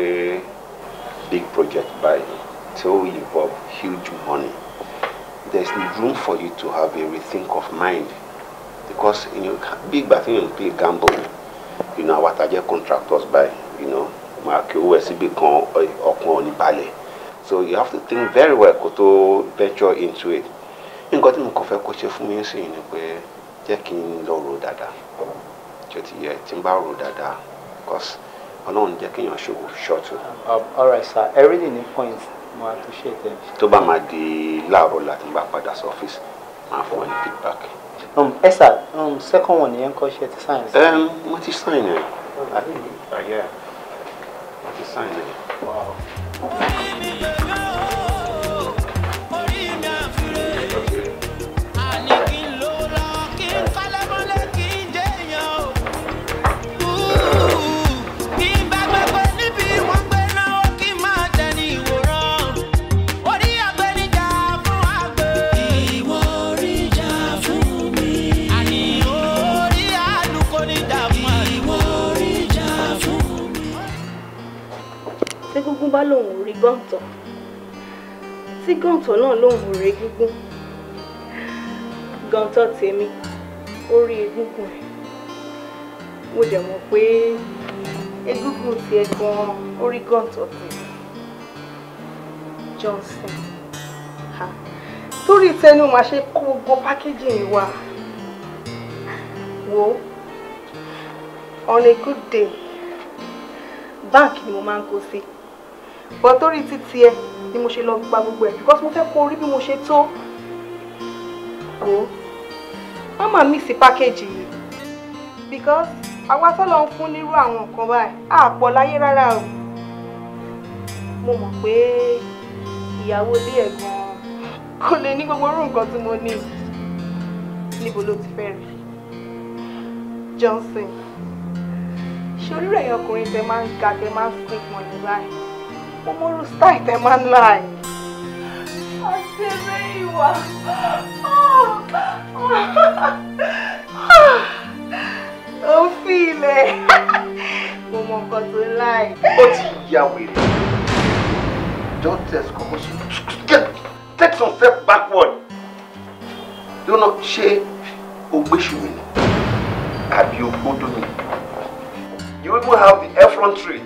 big project báyìí tí involve huge money There's room for you to have a rethink of mind because bí ìgbà tí yóò play gamble you know what I get contractors by you know mark USB owó or síbi kan ọkàn so you have to think very well kó venture into it nǹkan tí mo kàn fẹ́ kó ṣe fún mi sí ni pé jẹ́ kí n lọ rò dáadáa tí o ti yẹ tí n bá rò dáadáa because ọlọ́run jẹ́ kéèyàn ṣòwò ṣọ́ọ̀tù. Um, all right sir ẹ really ní point mo appreciate ẹ. tó bá máa di láàárọ̀ láti bá padà sí ọ́fíìsì máa fún ẹ ní feedback. Um, ẹ sà um, second one yẹn kọ́ ṣe ti sign. mo ti sign ẹ. Oh, ah, mo ti sign ẹ. bá lòun ò rí gọ̀ǹtọ̀ tí gọ̀ǹtọ̀ náà lòun ò rí gígùn gọ̀ǹtọ̀ tèmi ó rí egúngún ẹ̀ mo dẹ̀ mọ̀ pé egúngún tiẹ̀ gan ó rí gọ̀ǹtọ̀ tèmi Johnson torí tẹnu màá ṣe kó gbogbo pákéjì yìí wá wo on a good day báńkì ni mo máa ń kó sí But torí títí ẹ ni mo ṣe lọ gba gbogbo ẹ̀ because mo fẹ́ kó rí bí mo ṣe tó wò ó má mà mí sí pákéjì yìí because àwa tọ́lọ ń fún nírú àwọn nǹkan báyìí á pọ̀ láyé rárá o mo mọ̀ pé ìyàwó ilé ẹ̀ gan-an kò lè ní gbogbo irú nǹkan tí mo ní níbo ló ti fẹ́ rí Johnson ṣe orí rẹ̀ yẹn ọkùnrin tẹ máa ń ga tẹ máa ń sìn pọ̀ báyìí mo mọ̀rú style tẹ máa ń láì. àti ẹgbẹ́ ìwà ó ń fi ilẹ̀ ya wèrè just test commotion take some step backward lọ́nà ṣé ògbésùwé ni àbí ògbódò ni you even have the effrontery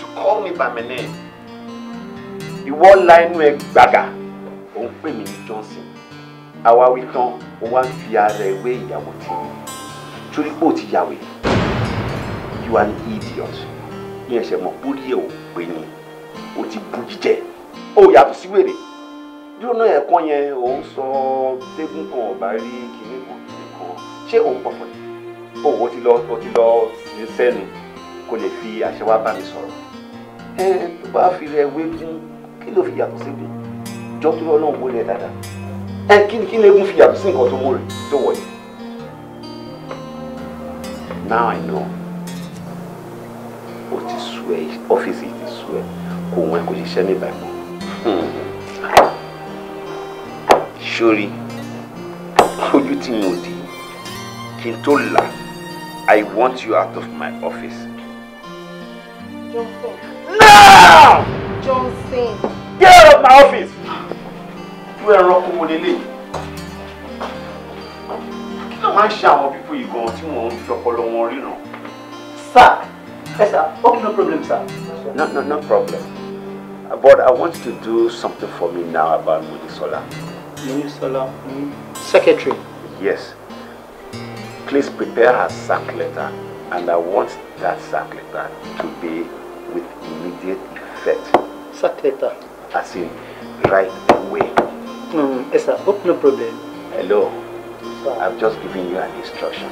to call me by my name ìwọ la inú ẹ gbàgà òun pè mí ní Johnson àwa wí tán ó wá ń fi ara ẹ wé ìyàwó tí torí pé ó ti yàwé you are an idiot ní ẹsẹ̀ mọ̀ bórí ẹ̀ ò pé ni ó ti bú jíjẹ ó yàtọ̀ sí wèrè lónà ẹ̀kan yẹn òun sọ tẹ́gùn kan ọ̀bá rí kinní kan kinní kan ṣé òun pọ̀pọ̀ ni òwò ti lọ ó ti lọ sí sẹ́nu kó lè fi àṣẹ wá bá mi sọ̀rọ̀ ẹ tó bá fi rẹ kí ló fi yàtọ̀ síbi jọ́ tó lọ́nà owó lẹ̀ dáadáa ẹ kí ni kí ni eégún fi yàtọ̀ sí nǹkan tó mú rẹ̀ tó wọ̀ yìí. now I know ó ti sú ẹ ọ́fíìsì ti sú ẹ kò wọ́n kò lè ṣẹ́ mi báyìí mọ́ sórí ojú tí mo dì kí n tó là I want you out of my office. Johnson. No! Johnson. Get out of my office. are you Irú ẹranko wo lélẹ̀? Kí ló máa ń ṣe àwọn pípọ̀ yìí my own shop. ń fi ọpọlọ you know. Sir, yes, sir, okay no problem sir. No, no, no problem. But I want you to do something for me now about Mudisola. Mudisola, mm. secretary. Yes. Please prepare her sack letter and I want that sack letter to be with immediate effect. Sack letter as in right away. Mm, yes, sir. Hope no problem. Hello. Sir. I've just given you an instruction.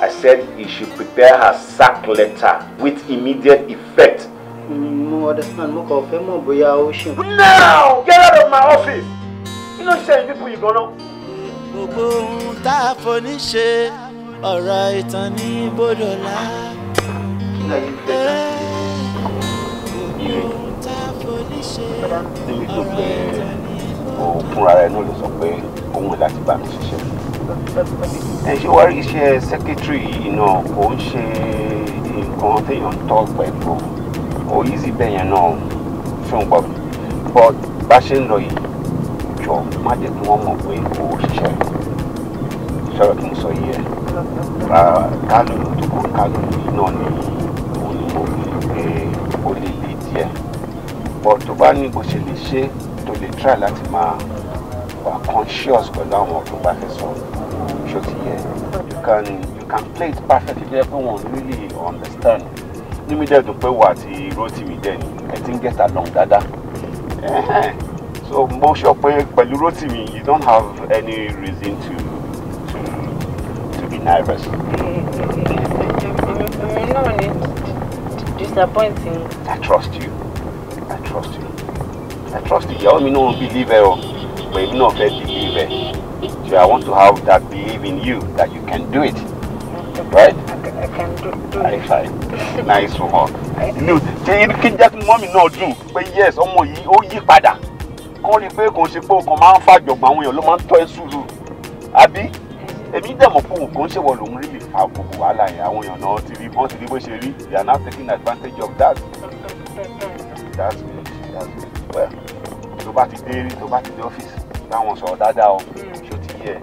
I said you should prepare her sack letter with immediate effect. No, mm, understand. No, confirm. No, boya ocean. Now, get out of my office. You know, send people you gonna. Gbogbo ohun tá a foni ṣe ọ̀rọ̀ débi tó pé òun fúnra rẹ̀ náà lè sọ pé òun láti bá mi ṣiṣẹ́ ẹ ṣe wá rí iṣẹ́ secretary yìí náà kò ń ṣe nǹkan téèyàn ń tọ́ pẹ̀lú kò easy bẹ́ẹ̀ yẹn náà fún gbọ́ but bá ṣe ń lọ yìí jọ má jẹ́ kí wọ́n mọ̀ pé kò ṣiṣẹ́ sọ̀rọ̀ kí n sọ yìí ẹ̀ kálù tó kọ́ kálù yìí náà ni òun ni mo rí pé ó lè díẹ̀ tó bá ní bó ṣe lè ṣe tó lè try láti máa wà conscious pẹ̀lú àwọn ọ̀tún bá fẹ́ sọ ṣó ti yẹ you can you can play it perfectly jẹ́ pé really understand nímú dẹ̀ dùn pé wà àti Rótìmí dẹ̀ ni ẹ ti ń get along dáadáa so mo sọ pé pẹ̀lú Rotimi, you don't have any reason to to to be nervous. èmi náà ni disappointing. I trust you trust you i trust you You ìyàwó me no believer, but èmi náà fẹ́ believe so i want to have that belief in you that you can do it right. I can do, I it. Fine. nice one. new ṣe kí jẹ́ kí mommy náà do, but yes ọmọ yìí ó yí padà kọ́ ni pé kò ń ṣe pé ọkàn máa ń fàjọgbọ̀n àwọn èèyàn ló máa ń tọ́ ẹ sùúrù àbí èmi dẹ̀ mọ̀ pé òun kò ń ṣèwọ̀ lòun rí lè fa gbogbo wàhálà yẹn àwọn èèyàn náà ti rí bọ́n ti rí ṣe rí they are now taking advantage of that. that's well tó back to dé rí tó bá ti dé ọ́fíìsì báwọn sọ̀rọ̀ dáadáa o ṣó ti yẹ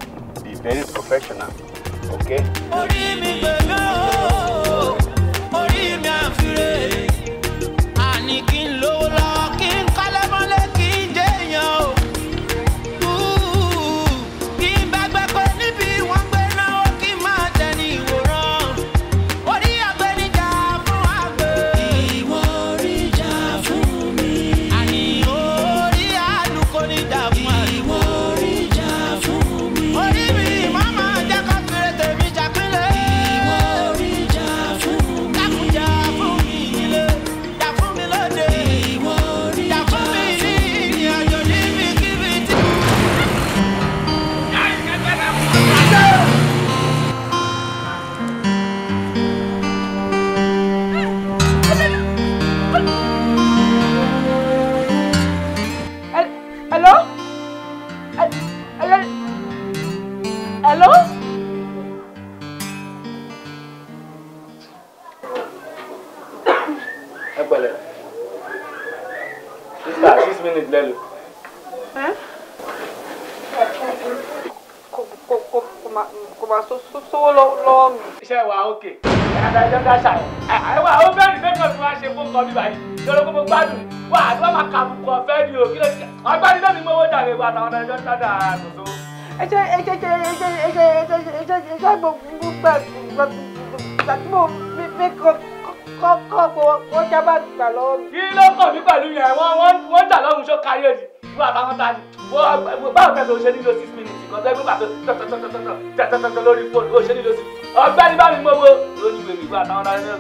be very professional okay? orí sówó lọ́wọ́ mi. iṣẹ́ wa òkè adájọ́ dáṣà ẹ̀ àìwá ó bẹ́ẹ̀rì mẹ́kàn tí wọ́n ṣe fún kọ́ bíbá yìí lọ́dọ̀ gbogbo gbádùn wà á tí wọ́n máa kàbùkù ọ̀fẹ́ ni o kí ló ṣe ọgbẹ́ni náà ni mo wọ́n dàgbé wa àtàwọn adájọ́ dáṣà àtúntò. ẹ jẹ́ ẹ jẹ́ ẹ jẹ́ ẹ jẹ́ ẹ jẹ́ ẹ jẹ́ ẹ jẹ́ gbogbo gbàgbọ́ kọ́kọ́ kó jábà gbà lọ́wọ́. kí ló kàn mí pẹ̀lú yẹn wọ́n wọ́n jà lọ́rùn ṣó káyé ni wọ́n àtàwọn ta ni báwo fẹ́ o ṣe nílò six minutes kan tẹ́gbẹ́ pàtó tọ̀tọ̀tọ̀tọ̀tọ̀ bá mi mọ́wọ́ lórí ìwé mi gba àtàwọn náà náà.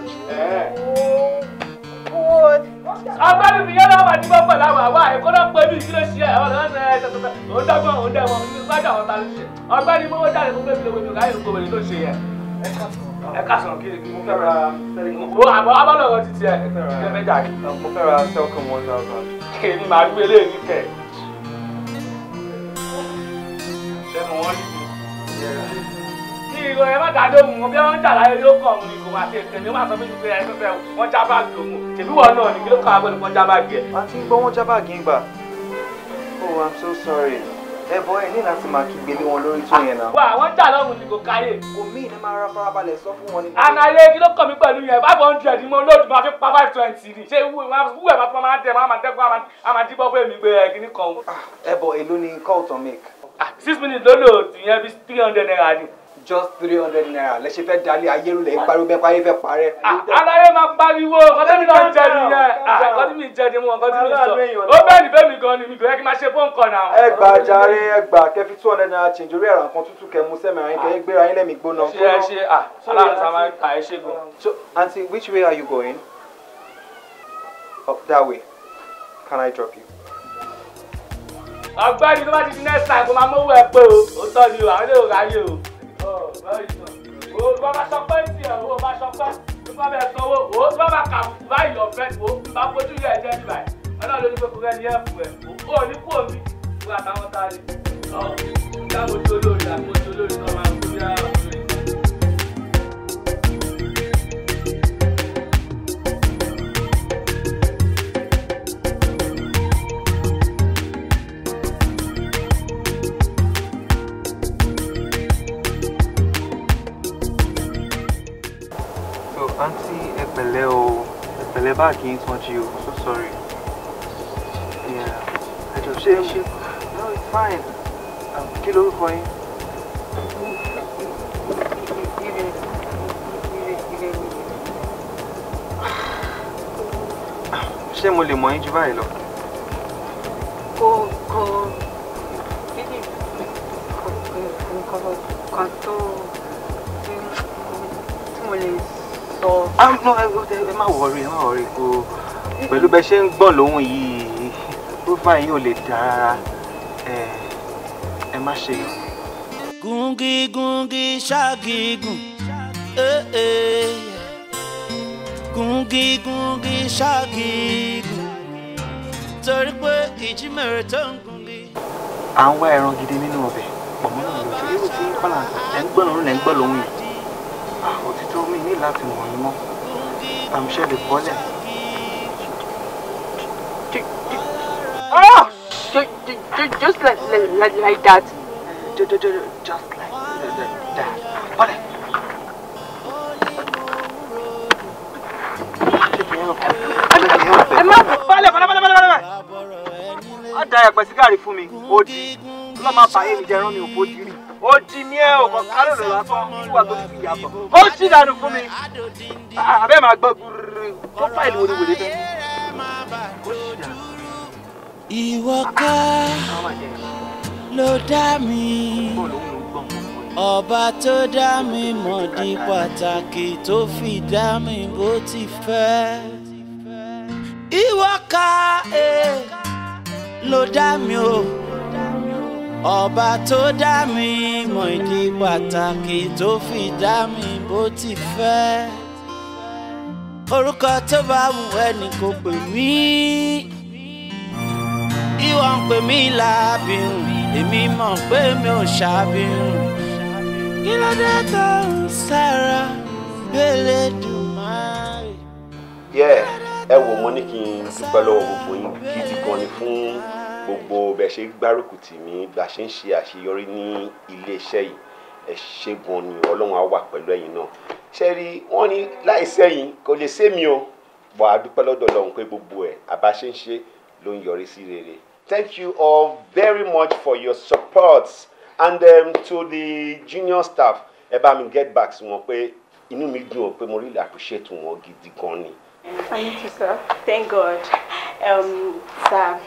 mi yẹn lọ́wọ́ ní gbọ́pọ̀ láwọn àwa èkó náà pé bí kílò ṣe àwọn náà náà tọ̀tọ̀tọ̀ ò ń ní gbájà àwọn ta ló ṣe ọgbẹ́ni mọ́wọ́ jáde fún bébí lówó mi ò ráyè gbogbo ló ṣe yẹn. ẹ káàsán kí ni mo fẹ́ ra abọ́lọ̀ wọn ìrọ̀ ẹ má dàdé òun wọn bí wọ́n ń jà láyé ló kàn mí kò wá sí ẹsẹ̀ mi wọ́n sọ fún mi pé ẹsẹ̀ fẹ́ wọ́n já báàgì òun tèmi wọ̀ náà ní kíló kan abẹ́ni wọ́n já báàgì ẹ̀. a ti ń gbọ́ wọ́n já báàgì ń gbà. oh i'm so sorry ẹ bọ ẹ ní láti máa kígbe lé wọn lórí tó yẹn náà. wà àwọn jà lọ́hùn ni kò káyè. omi ìní máa ra farabalẹ̀ sọ fún wọn ni. àlàyé kí ló kàn mí pẹ̀lú yẹn five hundred ni mo lóòdù máa fi pa five twenty ni ṣé wúwo máa wúwo ẹ̀ máa fún ọ máa dẹ̀ máa dẹ́kun a máa díbọ́ fún èmi gbé ẹ̀ kíní kan. Ah, ẹ bọ èló ni call to make. Ah, six minutes ló lò tìyẹn bí three hundred naira ni just three hundred naira lẹ ṣe fẹ́ dalẹ̀ ayélu lẹ ń pariwo bẹ́ẹ̀ parí fẹ́ parẹ́. Ah, pariwo ọtí náà jẹ nìyẹn ọtí ah, mi jẹ ni mo ọtí mi sọ ó bẹ́ẹ̀ ni bẹ́ẹ̀ mi gan ni mi kò kí n máa ṣe fóun kan náà. ẹ gbà jàre kẹfí two hundred naira change orí ẹ̀rọ tútù kẹ mú sẹ́mi kẹ ah. gbéra yín lẹ́mìí gbóná. ṣe é ṣe à aláàánú sá máa kà é ṣègùn. so aunty which way are you going? up oh, that way can I drop you? ọgbẹ́ni tó bá ti di next time kó máa mọ́wọ́ ẹ pé o tọ́ ni o àwọn ilé ìwòrán ayé o o bá bá sọ pé ti ẹ̀ o bá sọ pé nípa bẹ́ẹ̀ sanwó o bá bá kà fún báyìí ọ̀fẹ́ o bá fojú rẹ̀ jẹ́ níbà yìí ọlọ́run ló ní pé kò rẹ́ ní ẹ̀fù ẹ̀ o ní kú omi fún àtàwọn tá a lè jẹ́ ọ̀ ìyá ojú olóore. Pele eu falei back in front you. I'm so sorry. Yeah. I just change you. No, it's fine. Um, kí lorúkọ yín? Ṣé mo lè mọ̀ yín jù báyìí lọ? Kò kò Ah, ẹ má wọrí ẹ má wọrí kó pẹ̀lú bẹ́ẹ̀ ṣe ń gbọ́n lóhùn yìí rúfà yìí ò lè dá rárá ẹ má ṣe yọ. gungi gungi ṣaagigun ee eh, eh. gungi gungi ṣaagigun torí pé ìjímèrè tó ń gungi. à ń wá ẹran gidi nínú ọbẹ̀ pọ̀ mọ́ ìròyìn òṣèlú tí ń pàlà ẹ̀ ń gbọ́n lóhùn ẹ̀ ń gbọ́n lóhùn yìí òtítọ́ mi ní láti mọ̀ yín mọ́ àmìṣẹ́ lè bọ́lẹ̀. Just like, like, like that. Just like that. Bọ́lẹ̀. Ẹ má bọ́lẹ̀ bọ́lẹ̀ bọ́lẹ̀ bọ́lẹ̀. Á da ẹ̀pẹ̀ sígáàrì fún mi, ó di. Lọ́ọ́ máa bàyè mi jẹ́ rán mi ò bó di ó jí ní ẹ ọkọ kárò lè lásán nígbà tó ti fi yàtọ̀ ó sì dànù fún mi àbẹ́ ah, màá gbọ́ gbúrú tó fáìlì wo ni wèrè fẹ́ ìwọ ah, ká ah, ló dá mi ọba tó dá mi mọ̀ di pàtàkì tó fi dá mi bó ti fẹ́ ìwọ ká eh, ló dá mi o ọba tó dá mi mọ ìdí pàtàkì tó fi dá mi bó ti fẹ́ orúkọ tó bá wù ẹnì kò pè mí ìwọ ń pè mí lábìrún èmi mọ̀ pé mi ò ṣàbìrún kí ló dé tó ń sára gbélé dùnmáì. yẹ ẹ wò mo ní kí n dúpẹ́ lọ́wọ́ gbogbo yín gidi gan ni fún gbogbo bẹ́ẹ̀ ṣe gbárùkù tì mí bá ṣe ń ṣe àṣeyọrí ní iléeṣẹ́ yìí ẹ ṣe gan ni ọlọ́run á wà pẹ̀lú ẹ̀yin náà ṣe rí wọ́n ní láìsẹ́ yìí kò lè sé o bọ̀ á dúpẹ́ lọ́dọ̀ pé gbogbo ẹ̀ àbá ṣe ń ṣe ló ń yọrí sí rere. Thank you all very much for your support and um, to the junior staff ẹ bá mi get back sí wọn pé inú mi dùn ọ pé mo really appreciate wọn gidi gan ni. Thank you sir. Thank God. Um, sir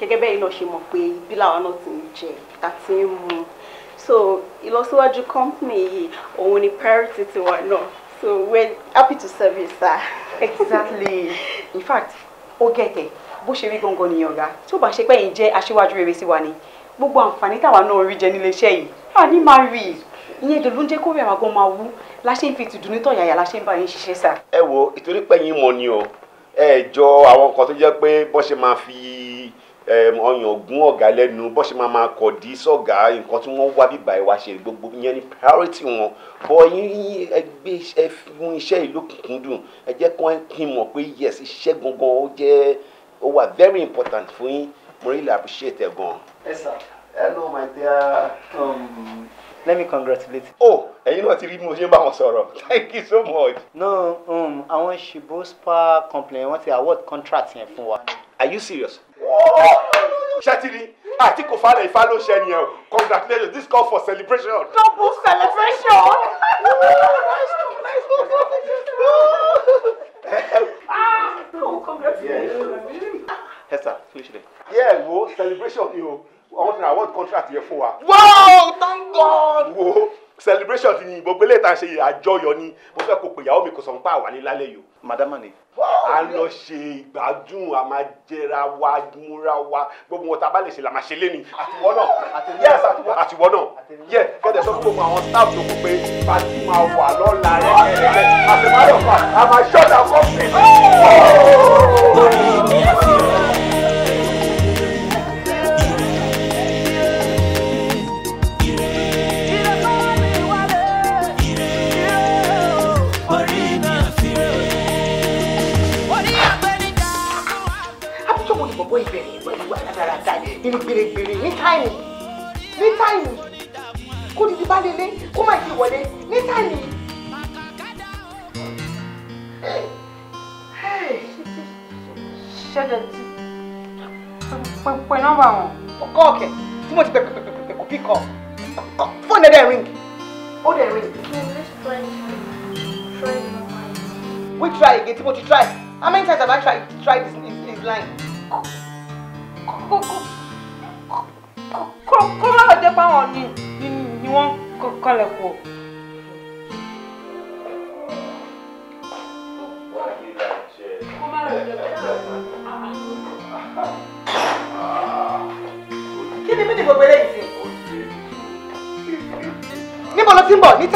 gẹ́gẹ́ bẹ́ẹ̀ náà ṣe mọ̀ pé ibi làwọn náà ti ń jẹ ta ń mu so ìlọsíwájú company yìí òun ni priority ti wà náà so we're happy to serve you sir. exactly in fact ó gẹ̀tẹ̀ bó ṣe rí gangan nìyẹn ọ̀gá tí ó bá ṣe pé yín jẹ́ aṣíwájú rere sí wa ni gbogbo àǹfààní táwa náà rí jẹ nílé iṣẹ́ yìí a ní máa rí i ìyẹn dùn ń jẹ́ kó rí àwọn agan máa wú la ń fi tìdùn ní tọ̀yàyà la ń bá yín ṣiṣẹ́ sà. ẹ wo ìtorí pé yín ni o ẹ jọ àwọn nǹkan tó jẹ́ pé bọ́n ṣe máa fi ọyàn gún ọ̀gá lẹ́nu bó ṣe máa máa kọ̀ dí sọ̀gá nǹkan tí wọ́n wá bíbá ẹ̀ wá ṣe gbogbo yẹn ní priority wọn bọ́ yín ẹgbẹ́ ẹ fún iṣẹ́ ìlú kùnkùndùn ẹ jẹ́ kí kí n mọ̀ pé yes iṣẹ́ gangan ó jẹ́ ó wà very important fún yín mo really appreciate ẹ gan. ẹ sà hello my dear. Um, let me congratulate. oh ẹ̀yin náà ti rí bí mo ṣe ń bá wọn sọ̀rọ̀ thank you so much. no um, àwọn ṣìbó spa company wọn ti award contract yẹn fún wa. are you serious ṣẹ́tìrì àti kò falẹ̀ ifá ló ṣe ẹni ẹ̀ congratulations this call for celebration. double celebration. ah oh congratulations. ẹ sà kí ló ṣe dẹ. yẹ wo celebration ni o àwọn tí na award contract yẹ fún wow thank god. wo celebration ni ìbọn gbélé ta ṣe àjọyọ̀ ni mo fẹ́ kó pè ìyàwó mi kò sọ̀rọ̀ pa àwa ní lálẹ́ yìí o. madama a lọ ṣe ìgbádùn a máa jẹra wa múra wa gbogbo wọn tá a bá lè ṣe la máa ṣe léni. àtiwọ́ náà yes àtiwọ́ náà yẹ kẹ́tẹ̀ sọ fún gbogbo àwọn staff tó kú pé pàtí máa wà lọ́la rẹ̀ kẹ́tẹ̀ àtìmáyọ̀fà a máa ṣọ́ọ̀dà kọ́ọ̀fì. gbèrègbèrègbèrè ní táìmù ní táìmù kó didi bá lélẹ kó má ti wọlé ní táìmù yìí. ṣẹ́jẹ̀ tí pẹ̀pẹ̀ nọ́mbà wọn. ọkọ ọkẹ tí mo ti pẹ pẹ pẹ pẹ kò pí kọ fóònù ẹ̀ dẹ̀ ring ó dẹ̀ ring. we try again tí mo ti try how many times have I tried tried this, this, this line. kò kò kò kó má ni ni wọ́n kọlẹ̀ kù. kí ni mí ni gbogbo eléyìí sí. níbo ló ti ń bọ̀ ní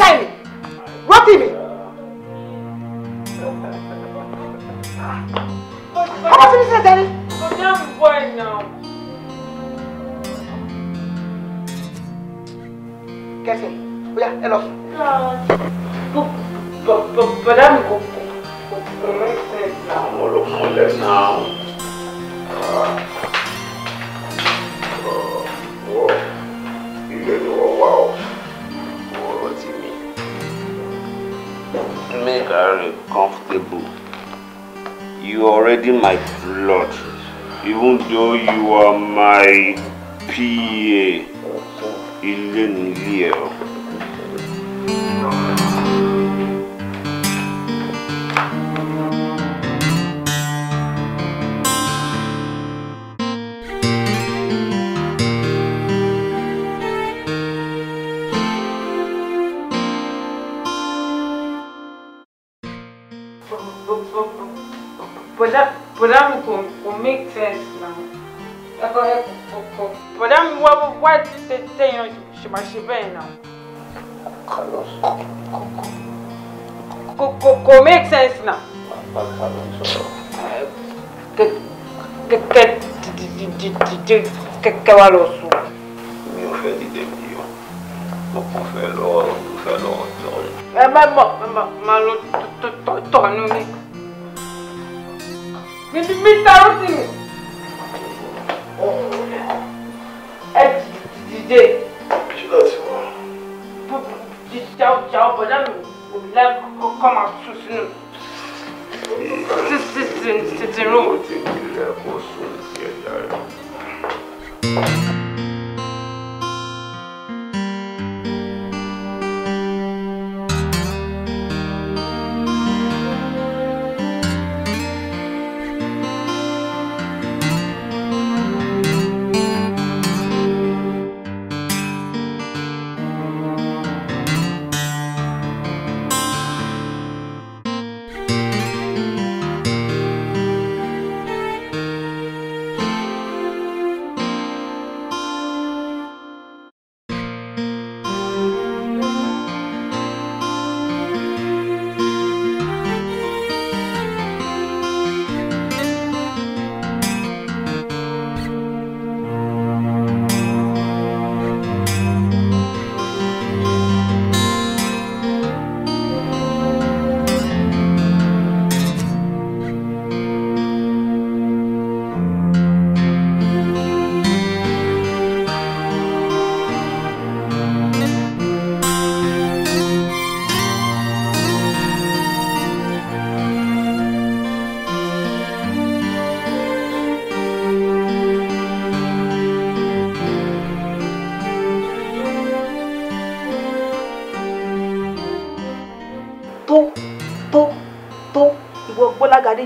wá lọ sùn. mi ò fẹ́ dìde mi o mo kàn fẹ́ lọ mo fẹ́ lọ tọ̀nù. ẹ má bọ̀ ẹ má lọ tọ̀nù mi. mr rotimi.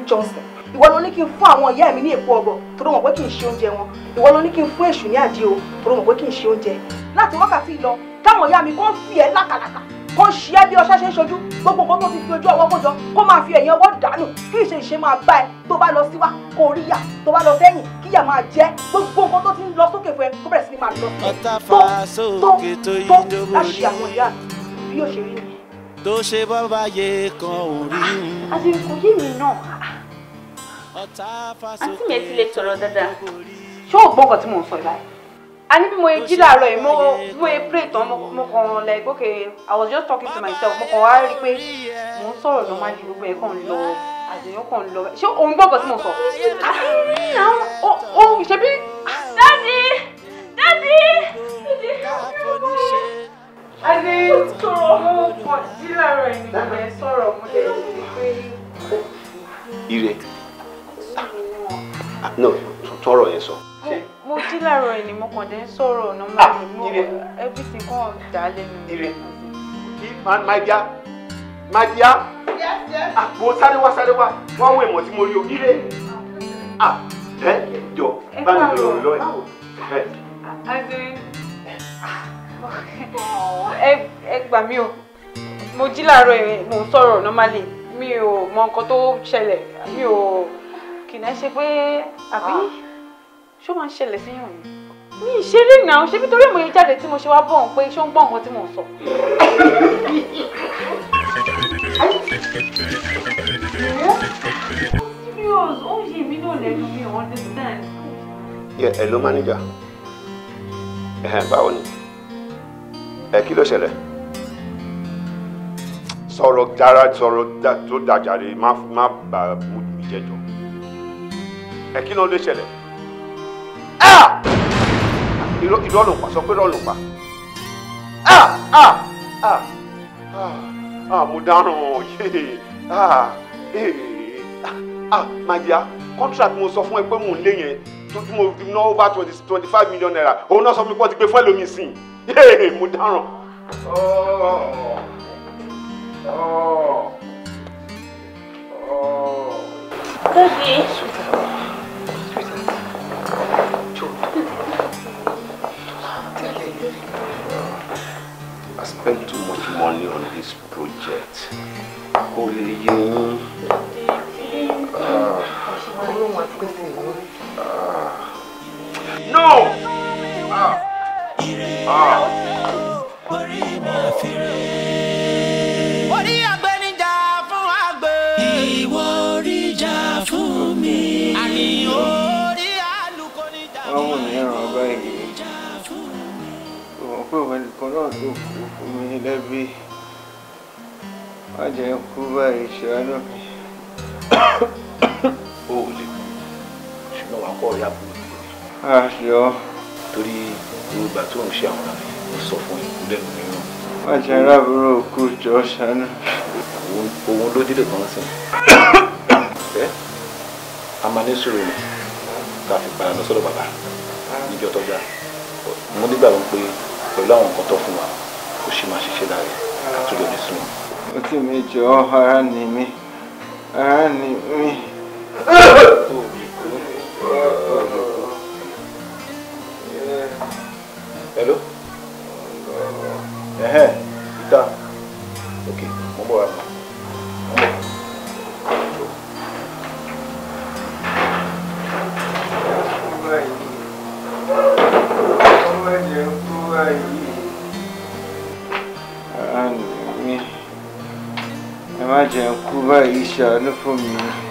Johnson ìwọ ló ní kí n fún àwọn ìyá mi ní èpo ọbọ torí mọ̀ pé kì í ṣe oúnjẹ wọn ìwọ ló ní kí n fún èṣù ní àdí o torí mọ̀ pé kì í ṣe oúnjẹ láti wákàtí lọ táwọn ìyá mi kàn fi ẹ lákàlàkà kàn ṣí ẹ bí ọṣẹ ṣe ń ṣojú gbogbo nǹkan tó ti fi ojú ọwọ́ kó jọ kó máa fi ẹ̀yìn ọwọ́ dànù kí ìṣe ìṣe máa bá ẹ tó bá lọ síwá kó rí yà tó bá lọ sẹ́yìn kí yà máa jẹ gbogbo nǹkan tó ti ń lọ sókè fún ẹ kó bẹ̀rẹ̀ sí ni máa lọ sí ẹ tó tó tó láṣì àwọn rí nìyẹn. tó ṣe bọ́ bá kan ò rí. Ah, àti kò mi náà àǹtí mi ẹ ti lè sọ̀rọ̀ dáadáa ṣé o gbọ́ nǹkan tí mò ń sọ ìbáyìí a ní bí mo yẹ jí láàárọ̀ mo mo yẹ pray tán mo kàn like okay I was just talking to myself mo kàn wá rí i pé mò ń sọ̀rọ̀ normally gbogbo ẹ̀ kàn ń lọ àjẹyàn kàn ń lọ ṣé òun gbọ́ nǹkan tí mò ń sọ àti náà ó ṣe bí. dadi dadi adé sọ̀rọ̀ mo kàn jí láàárọ̀ yìí mo yẹ sọ̀rọ̀ mo lè rí i pé. ire. Ah, no tọrọ yẹn sọ. mo jí láàárọ̀ ẹ̀ ni mo kàn dé sọ̀rọ̀ ọ̀nà ah, mo lè mú ọ everything kan dà lẹ́nu. ire kí my dear my dear mo sáré wá sáré wá wọ́n wọ ìmọ̀ tí mo rí o ire ah, ẹ jọ bá mi lọ lọ ẹ. ẹ gbà mí o mo jí láàárọ̀ ẹ̀ mo ń sọ̀rọ̀ normally mi ò mọ nǹkan tó ṣẹlẹ̀ mi ò kìnà ṣe pé àbí ah. ṣó máa ń ṣẹlẹ̀ síyàn ni mi ì ṣeré náà ṣé bí mo yẹ jáde tí mo ṣe wá bọ̀ ọ́n pé ṣó ń gbọ́ nǹkan tí mò ń sọ. serious ó yé mi náà lẹ́nu mi ò understand. hello manager báwo ni ẹ kí ló ṣẹlẹ̀ sọ̀rọ̀ dára sọ̀rọ̀ tó dájà rè má bà mú mi jẹ́jọ́ ẹ kí ló lè ṣẹlẹ̀ ẹ irọ́ ló pa sọ pé irọ́ ló pa ẹ ẹ ẹ ẹ mo dáràn yé ẹ ẹ my dear contract mo sọ fún ẹ pé mò ń lé yẹn tó tí mo ná over twenty twenty five million naira òun náà sọ fún mi pé wọ́n ti gbé fún ẹlòmíì sí i mo dáràn. Oh. Oh. Oh. Baby. spent too much money on this project. Kò lè yé yín. Ọlọ́run àpẹẹrẹ No! Ah. Ah. pé òun ẹnìkan náà ló kú fún mi lẹ́bí má jẹ́ ń kú báyìí ṣàánú mi. o ò lè kú ṣùgbọ́n wàá kọ́ ọ̀yà burúkú ni. a yọ. torí yorùbá tó ń ṣe àwọn àmì ó sọ fún ikú lẹ́nu mìíràn. má jẹ́ aráàbúrò kú jọ ṣàánú. pẹ̀lú àwọn nǹkan tó fún wa kò sì máa ṣiṣẹ́ lára àtúndò ní sùn. ó ti mi jọ ara ni mi ara ni mi. Hello? Ẹ̀hẹ́n, ìta. Ok, mo bọ̀ wá. 跟着父母。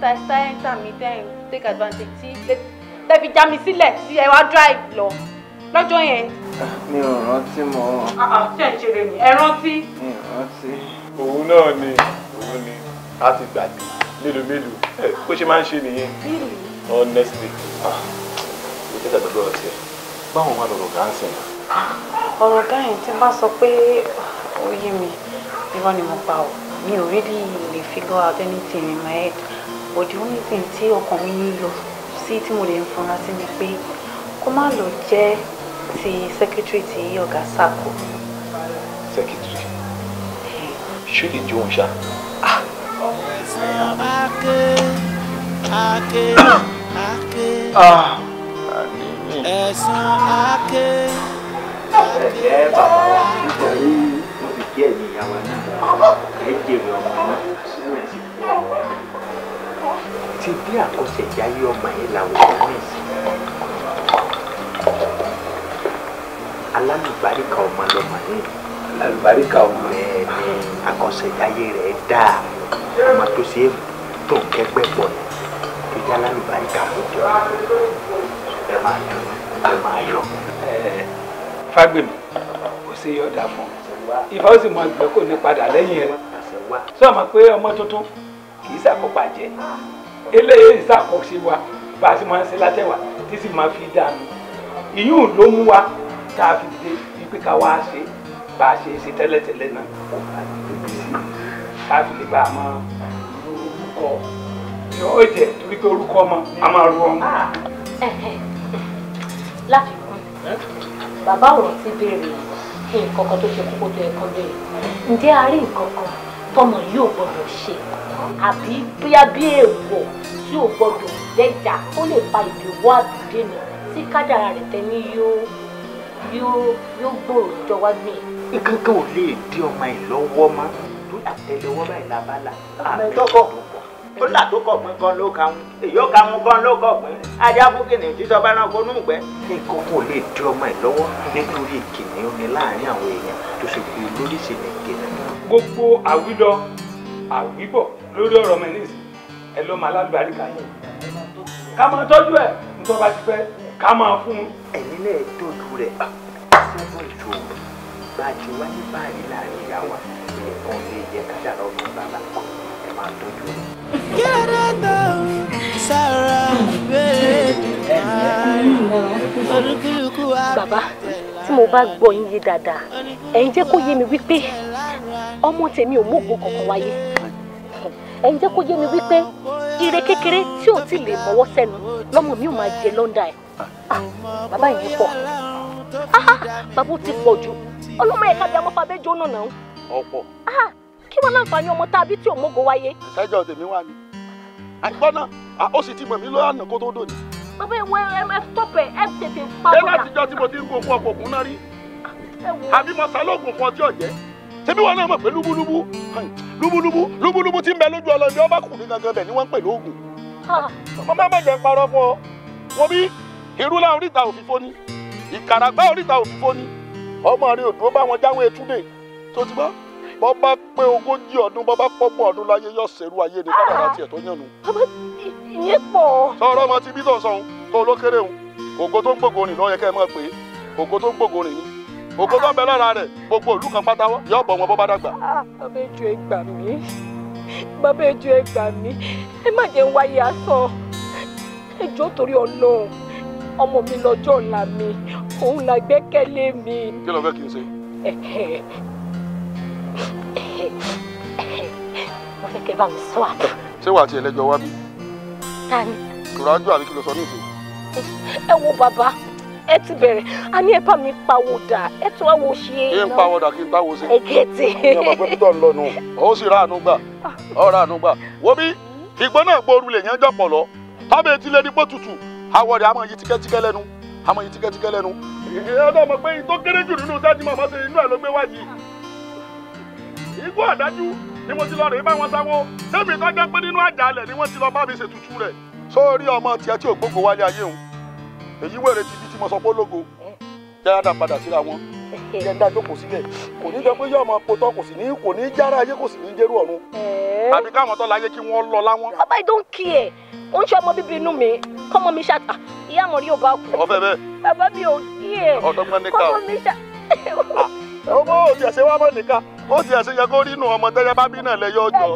sister science and me then take advantage tí lè fi já mi sílẹ̀ sí ẹ wá drive lọ lọ́jọ́ yẹn. mi ò rántí mọ́. Ah, ah, ṣé ń ṣeré ni ẹ rántí. mi ò rántí. òun náà ni òun ni a ti gbàgbé mélòó mélòó bó ṣe máa ń ṣe nìyẹn honestly ah, mo jẹ́ tàbí ọ̀rọ̀ tiẹ̀ báwo wà lọ́rọ̀ gà ń sìn. ọ̀rọ̀ gà yẹn ti bá sọ pé ó yé mi irọ́ ni mo pa ọ́ mi ò really lè figure out anything in my head but the only thing tí ọkàn mi ń lọ sí tí mo lè ń fura sí ni pé kó má lọ jẹ́ ti secretary ti ọ̀gá sáàkó. secretary ṣé lè jó òun ṣá. ake ah! ake ah! ake ẹ̀sán ake ake ake. ẹ bàbá wa nítorí mo fi kí ẹ̀yìn ìyá wa náà ẹ jèrè ọmọ náà ti bí àkọsẹ̀jáyé ọmọ yìí làwọn èèyàn ní ìsìn alálùbáríkà ọmọ lọmọ yìí alálùbáríkà ọmọ yìí àkọsẹ̀jáyé rẹ̀ dáa ọmọ tó ṣe é tó kẹgbẹ́ pọ̀ ní tó jẹ́ alálùbáríkà tó jọ ẹ máa yọ ẹ máa yọ. Fágbèmí kò sí yọ̀dà fún ifá ó sì mọ ìgbẹ́ kò ní padà lẹ́yìn rẹ̀ sọ ma pé ọmọ tuntun kì í ṣàkópa jẹ. eléyìí ìsàkóso wa bá máa ń ṣe látẹ̀wà tí sì máa fi dànù ìyún ló mú wa tá a fi dé ipe ká wá ṣe bá a ṣe ṣe tẹ́lẹ̀tẹ́lẹ̀ náà kó a lè fi sí ká fi lè bá a máa ru orúkọ yọ̀ọ́ jẹ́ torí pé orúkọ ọmọ a máa ru ọmọ. Ah, láfikún bàbá tọmọ yóò gbọdọ̀ ṣe àbí bóyá bí èèwọ̀ tí ò gbọdọ̀ dẹ́jà ó lè fa ìdíwọ́ àbùdé mi tí kádàrà rẹ̀ tẹ́ni yóò yóò yóò gbòòrò jọwọ́ mi. nǹkan kan ò lè dí ọmọ ẹ lọ́wọ́ mọ́ ah, tó àtẹ́lẹwọ́ báyìí lábala àbẹ̀tọ́kọ̀ ó là tó kọ̀ pín kan ló ka ń èyó ka ń kan ló kọ̀ pín ajá fún kìnìún títọ́ bá náà kó núùgbẹ́. nǹkan kò lè dí ọmọ ẹ lọ́wọ́ nítorí kìnìún ni láàárín àwọn èèyàn tó ṣe pé lóríṣìí nìkejì. gbogbo àwùjọ àwíbọ̀ lórí ọ̀rọ̀ mẹ́nìsì ẹ lọ́ọ́ máa lálùbárí ká yẹn ká máa tọ́jú ẹ̀ nítorí bá ti fẹ́ ká máa fún un. ẹ̀yin náà dòdú rẹ̀ sẹ́fọ̀ ìṣòwò bá a ti wá báyìí láàrin ìyá wa ẹ̀fọn lè jẹ́ kájà lọ́dún bàbá ẹ̀ máa tọ́jú rẹ̀. kẹ́rẹ́dà sára bẹ́ẹ̀ bàbá tí mo bá gbọ́ yín yé dáadáa ẹ̀yin jẹ́ kó yé mi wípé ọmọ tèmi ò mú ògbó kankan wáyé ẹ̀yin jẹ́ kó yé mi wípé ire kékeré tí ò tí lè mọ́wọ́ sẹ́nu lọ́mọ mi ò máa jẹ lọ́ndà ẹ̀ ah, bàbá yìí pọ̀ ah, ah, bàbá ti pọ̀ jù ọlọ́mọ ẹ̀ka bí amọ́fà bẹ́ẹ̀ jóná náà. ọ̀pọ̀. kí wọ́n láǹfààní ọmọ tá a bí tí òmógo wáyé. ìṣẹ́jọ́ tèmi wà ní. àgbọ̀ náà ó sì ti mọ̀ mí lọ́nà kó tó dòní. bàbá ìwọ ẹ ẹ stop ẹ ẹ tètè pa bọ́dà. ẹ láti jọ tí mo ti ń gun fún ọkùnkùn náà rí. àbí mo sá lóògùn fún ọtí ọ̀jẹ́ ṣé bí wọn náà mọ̀ pé lúbúlúbú lúbúlúbú lúbúlúbú tí ń bẹ lójú ọlọ́ọ̀ni ọba kùnrin gangan bẹ̀ ni wọ́n ń pè lóògùn. màmá má jẹ́ parọ́ fún ọ wọ́n bí ìrúlá oríta òfìfo ni ìkàràgbá oríta òfìfo ni ọmọ rẹ ò dúró bá wọn jáwé etúndé tó ti gbọ́ bọ́ bá pé ogójì ọdún bọ́ bá pọ́gbọ́n ọdún láyé yọ sẹ́rú ayé ni kádàrá tiẹ̀ tó yànnú. bàbá ìyẹn pọ̀. sọ̀rọ̀ ọmọ ti bí tọ̀sán tó lókèrè òun ògo tó ń bẹ lára rẹ̀ gbogbo ìlú kan pátáwọ́ yóò bọ̀ wọn bó bá dàgbà. Ah, bàbá ejò ẹ gbà mí bàbá ejò ẹ gbà mí ẹ má jẹ́ ń wáyé asán ejò torí ọlọ́run ọmọ mi lọ́jọ́ ọ̀la mi òun là gbẹ́kẹ̀lé mi. kí ló fẹ́ kí n ṣe. mo fẹ́ kẹ́ bá mi sọ àpò. ṣé wàá tiẹ̀ lẹ́jọ́ wá bí. ta ni. tòrọ ló sọ ní ìsìn. ẹ wo bàbá ẹ ti bẹ̀rẹ̀ a ní ẹ bá mi pawọ́dà ẹ tún wá wo ṣe é. kí n pawọ́dà kí n pawọ́ sí. ẹgẹtì. ìyá bàbá mi tọ̀ ń lọ nù ó sì ráàánú gbà ó ráàánú gbà wo ìgbọ́n náà gbóoru lè yẹn jọ̀pọ̀ lọ tábìlì ti lé ní pọ̀ tutù àwọ̀ rẹ̀ àmọ̀ yìí tíkẹ́tíkẹ́ lẹ́nu àmọ̀ yìí tíkẹ́tíkẹ́ lẹ́nu. ọ̀dọ́ mọ̀ pé tó jù nínú sáà tí màmá ṣe inú ẹ̀ ló gbé wáyé igbó àdájú ni mo ti lọ rèé bá wọn sáwó tẹ́mi tó èyí wèrè ti bí tí mo sọ pé lógo járadà padà síra wọn jẹ́ńdá jókòó sílẹ̀ kò ní jẹ́ pé yóò máa potọ́ kò sì ní kò ní jára ayé kò sì ní dérú ọ̀run àbí káwọn tó láyé kí wọ́n lọ láwọn. bàbá yìí don't care ó ń ṣe ọmọ bíbí inú mi kọ́mọ mi ṣàtà ah, ìyá àmọ́ rí ò bá kú. ọfẹ bẹẹ. bàbá mi ò kí ẹ kọ́mọ mi ṣàtà. ọmọ òjì ẹ̀sẹ̀ wa mọ̀ nìkan ó ti ẹ̀sìn yẹ kó rí inú ọmọ tẹ́yẹ bá bí náà lẹ́yọ ọjọ́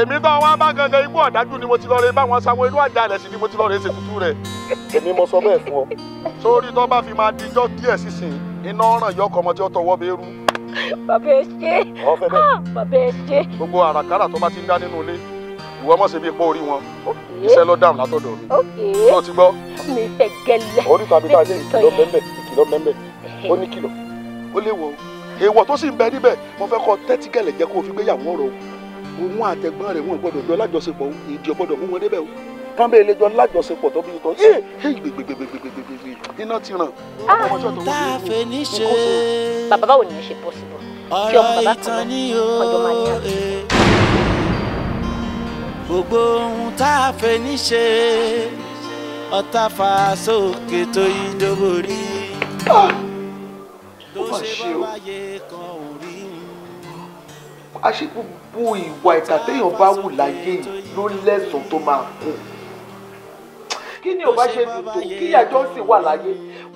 èmi tó wá bá gangan ikú ọ̀dájú ni mo ti lọ rẹ báwọn sanwó inú àjà rẹ̀ sí ni mo ti lọ rẹ ṣètùtù rẹ̀ èmi mo sọ bẹ́ẹ̀ fún ọ. sórí tó bá fi máa dijọ́ díẹ̀ sísìn iná ọ̀ràn yọ ọkọ̀ ọmọ tí ó tọwọ́ bẹ́ẹ̀ rú. bàbá ẹ ṣe ah, bàbá ẹ gbogbo àràkàrà tó bá ti ń dá nínú ilé ìwọ mọ̀ sí bí ipò orí wọn iṣẹ́ ló dáhùn látọ̀dọ̀ mi tó ti gbọ́. mi fẹ́ gẹ́lẹ́. orí tàbí tá a dé ìkìlọ̀ mẹ́mẹ́ ìkìlọ̀ mẹ́mẹ́ ó ní kìlọ̀ ó léwu o èèwọ̀ tó sì ń bẹ níbẹ̀ mo fẹ́ kọ́ tẹ́tí gẹ̀lẹ̀ jẹ́ kó o fi gbéyàwó ọ̀rọ̀ o mú àtẹ̀gbọ́n rẹ̀ wọn gbọ́dọ̀ jọ lájọṣepọ̀ ìdí ọgbọ́dọ̀ mú wọn débẹ̀ o tán bẹ́ẹ̀ lè jọ tó bí tọ́ yé èyí gbègbègbègbègbè iná ti ràn. Ah! bàbá báwo ni ẹ ṣe bọ́ síbọ̀ kí ọmọ bàbá kan náà gbogbo ohun tá a fẹ́ ní ṣe ọ̀tá fa sókè tó yí dógórí. Ah! mà ṣe o àṣé gbogbo ìwà ìkà téèyàn bá wù láyé yìí ló lẹ́sùn tó máa kú kí ni ò ṣe dùn kí ìyá Johnson wà láyé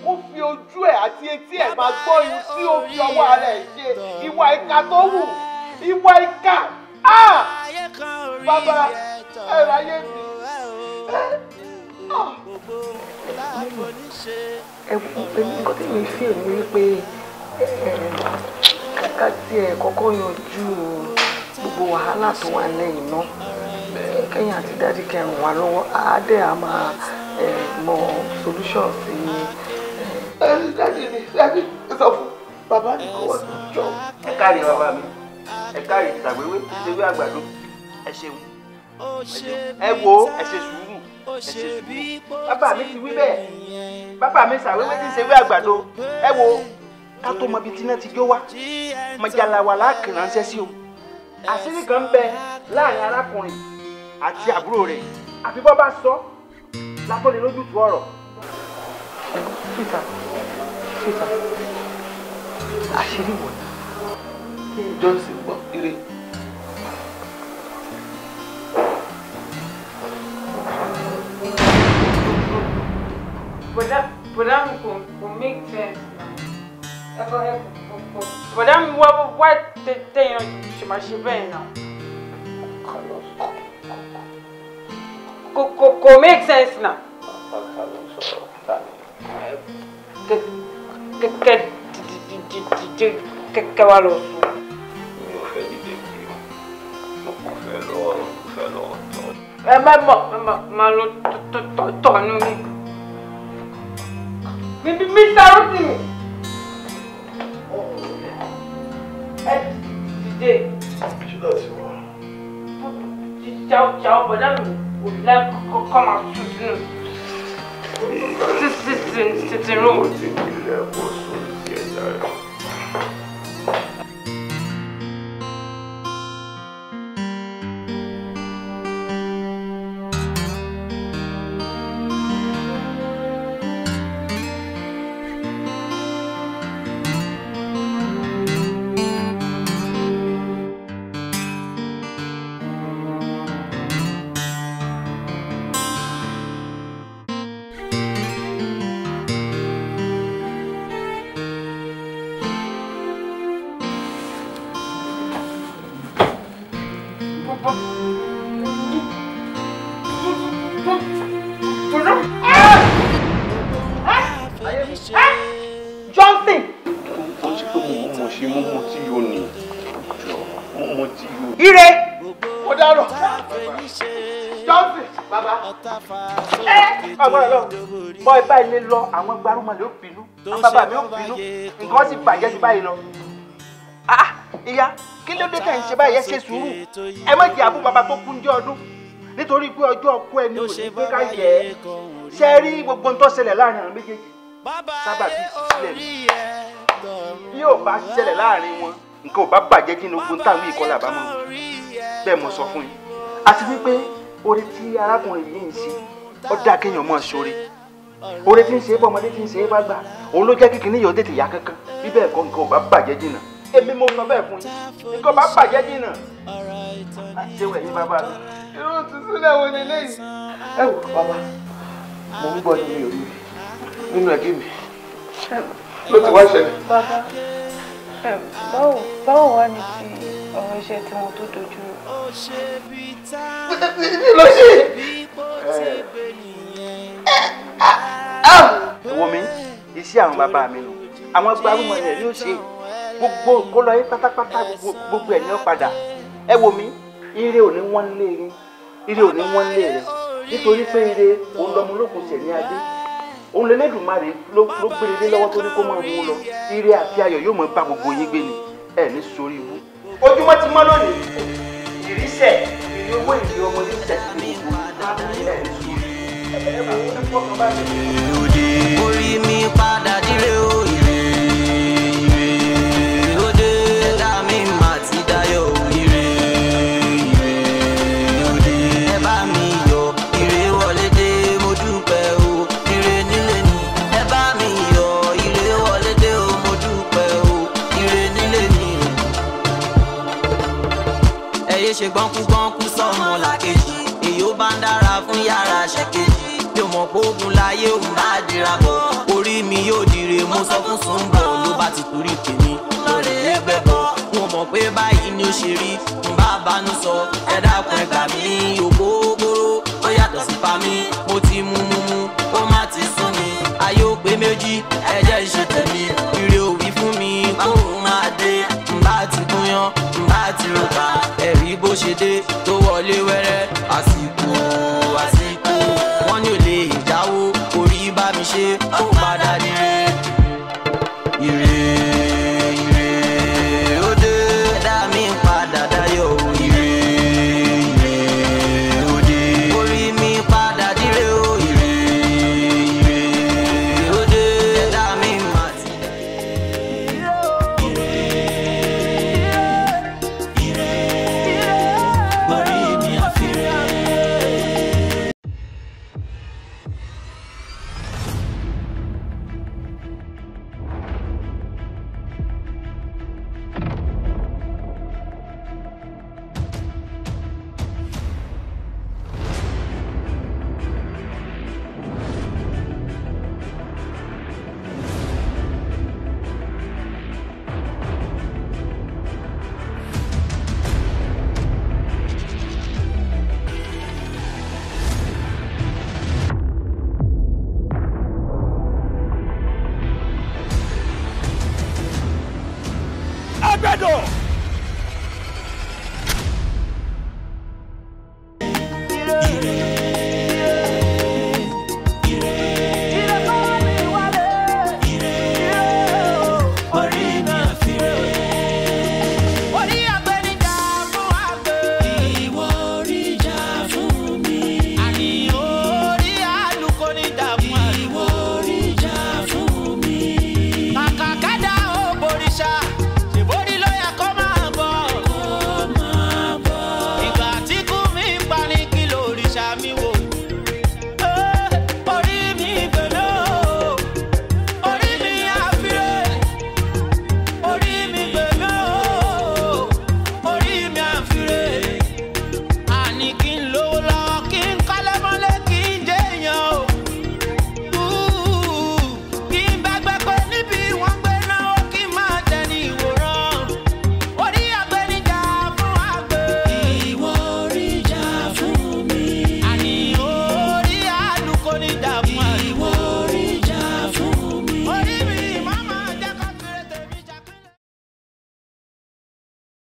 kó fi ojú ẹ̀ àti etí ẹ̀ máa gbọ́ irun tí ó fi ọwọ́ rẹ̀ ṣe ìwà ìkà tó wù ìwà ìkà bàbá ẹ ráyé mi. ẹ ah! wo pẹ̀lú tí mi fi èmi wípé kàkà tí ẹ kọ́kọ́ yanjú gbogbo wàhálà tó wà lẹ́yìn náà kẹ́yìn àti dádì kẹrin wà lọ́wọ́ àádẹ a máa mọ solution sí i. dádì ni dádì sọ fún bàbá mi kò wọ́n jọ. ẹ káàrí bàbá mi ẹ káàrí ìtàgbéwé ìṣèwé àgbàdo ẹ ṣeun ẹ wo ẹ ṣe sùúrù ẹ ṣe sùúrù bàbá mi ti wí bẹ́ẹ̀ bàbá mi ṣàwéwé ti ṣèwé àgbàdo ẹ wo ká tó mọ ibi tí iná ti jó wá mọ̀jàláwà láàkì ránṣẹ́ sí o àṣírí kan bẹ láàrin arákùnrin àti àbúrò rẹ̀ àfi bọ́ bá sọ látọ́ lè lójútu ọ̀rọ̀. Peter Peter àṣírí wọ̀nyí kí Johnson gbọ́ ire. But that, but that will, will make sense bọ̀dá mi wá wá tẹ̀yìn ṣèmáṣe bẹ́ẹ̀ náà. kò kò kò make sense na. kẹkẹ dìde kẹkẹ wa lọ sùn. mi ò fẹ́ dìde kí o mo kò fẹ́ lọ mo fẹ́ lọ tọ́. ẹ má mọ̀ ẹ má má lọ tọ̀ tọ̀ nù mí. mi mi mi sáré sí mi. ẹ dìde. ṣúlá ti wà. jà ọ bọ̀dá mi ò lẹ́ kọ́kọ́ máa sùn sínú sísìn sísìn rúùmù. mo ti ilẹ̀ bọ̀ sórí ti ẹ̀dá rẹ̀. ire. mo dárò johnson baba ẹ agbára lọ bọ ẹ báyìí lè lọ àwọn gbarumọlẹ ó pinnu àwọn bàbá mi ó pinnu nǹkan ti bàjẹ́ ju báyìí lọ ah, ìyá kí ló dé tẹ̀ ń ṣe báyìí ẹ ṣe sùúrù ẹ má jẹ́ àbú bàbá tó kú ní ọdún nítorí pé ọjọ́ ọkọ ẹni ò ní pé ká yẹ ẹ ṣe rí gbogbo ń tó ṣẹlẹ̀ láàrin àwọn méjèèjì sábà bí sílẹ̀ bí ò bá ṣẹlẹ̀ láàrin wọn nǹkan ò bá bàjẹ́ kí ni ogun táwọn ìkọlà bá mọ̀ bẹ́ẹ̀ mo sọ fún yín àti wípé oore tí arákùnrin yìí ń ṣe ó dáa kéèyàn mọ̀ sóore oore tí ń ṣe é bọ́mọdé tí ń ṣe é bá gbà òun ló jẹ́ kíkiní yóò tètè yá kankan bí bẹ́ẹ̀ kọ́ nǹkan ò bàjẹ́ jìnnà èmi mo sọ bẹ́ẹ̀ fún yín nǹkan bá bàjẹ́ jìnnà àti ìwẹ̀ yín bàbá mi. irú tuntun náà wo ni léyìí. ẹ wò bàbá mo ń gbọ́ nínú ìròyìn nínú ẹ̀gí mi ló ti wá ṣẹlẹ̀ báwo báwo wá ní ti ọ̀rọ̀ iṣẹ́ tí mo tó dojú rẹ̀. ibi ló ṣe. wo mi iṣẹ́ àwọn bàbá mi nù àwọn gbárùmọ̀ yẹn ni ó ṣe gbogbo kó lọ yé pátápátá gbogbo ẹ̀ ni ó padà ẹ wo mi ire ò ní wọ́n lé ire ò ní wọ́n lé rẹ̀ nítorí pé ire òun lọmọ olókùn ṣẹ̀ ní adé òun lẹ́lẹ́dùnmarè ló gbére lé lọ́wọ́ tó ní kó máa mú un lọ ire àti ayọ̀ yóò mọ̀ bá gbogbo yín gbé ni ẹ̀ ní sórí ibú. ojúmọ́ ti mọ́ lónìí ìrísẹ̀ ìrí owó ìrí ọmọdé ń tẹ̀sí ní ìlú orí mi padà dílé o. láyé ò bá dira bọ̀ orí mi yóò dire mo sọ fún Sùnbọ̀ ló bá ti torí tèmi lórí ẹgbẹ́ bọ̀ wọn mọ̀ pé báyìí ni ó ṣe rí n bá banú sọ ẹ dákun ẹ gbà mí ògógóró ó yàtọ̀ sí pa mí mo ti mú mú mú ó má ti sún mi ayé ò pé méjì ẹ jẹ́ ìṣe tèmi ire òwì fún mi kó o máa dé n bá ti gúnyán n bá ti rògbà ẹ̀rí bó ṣe dé tó wọlé wẹ́rẹ́ àsìkò àsìkò wọn ní me shit.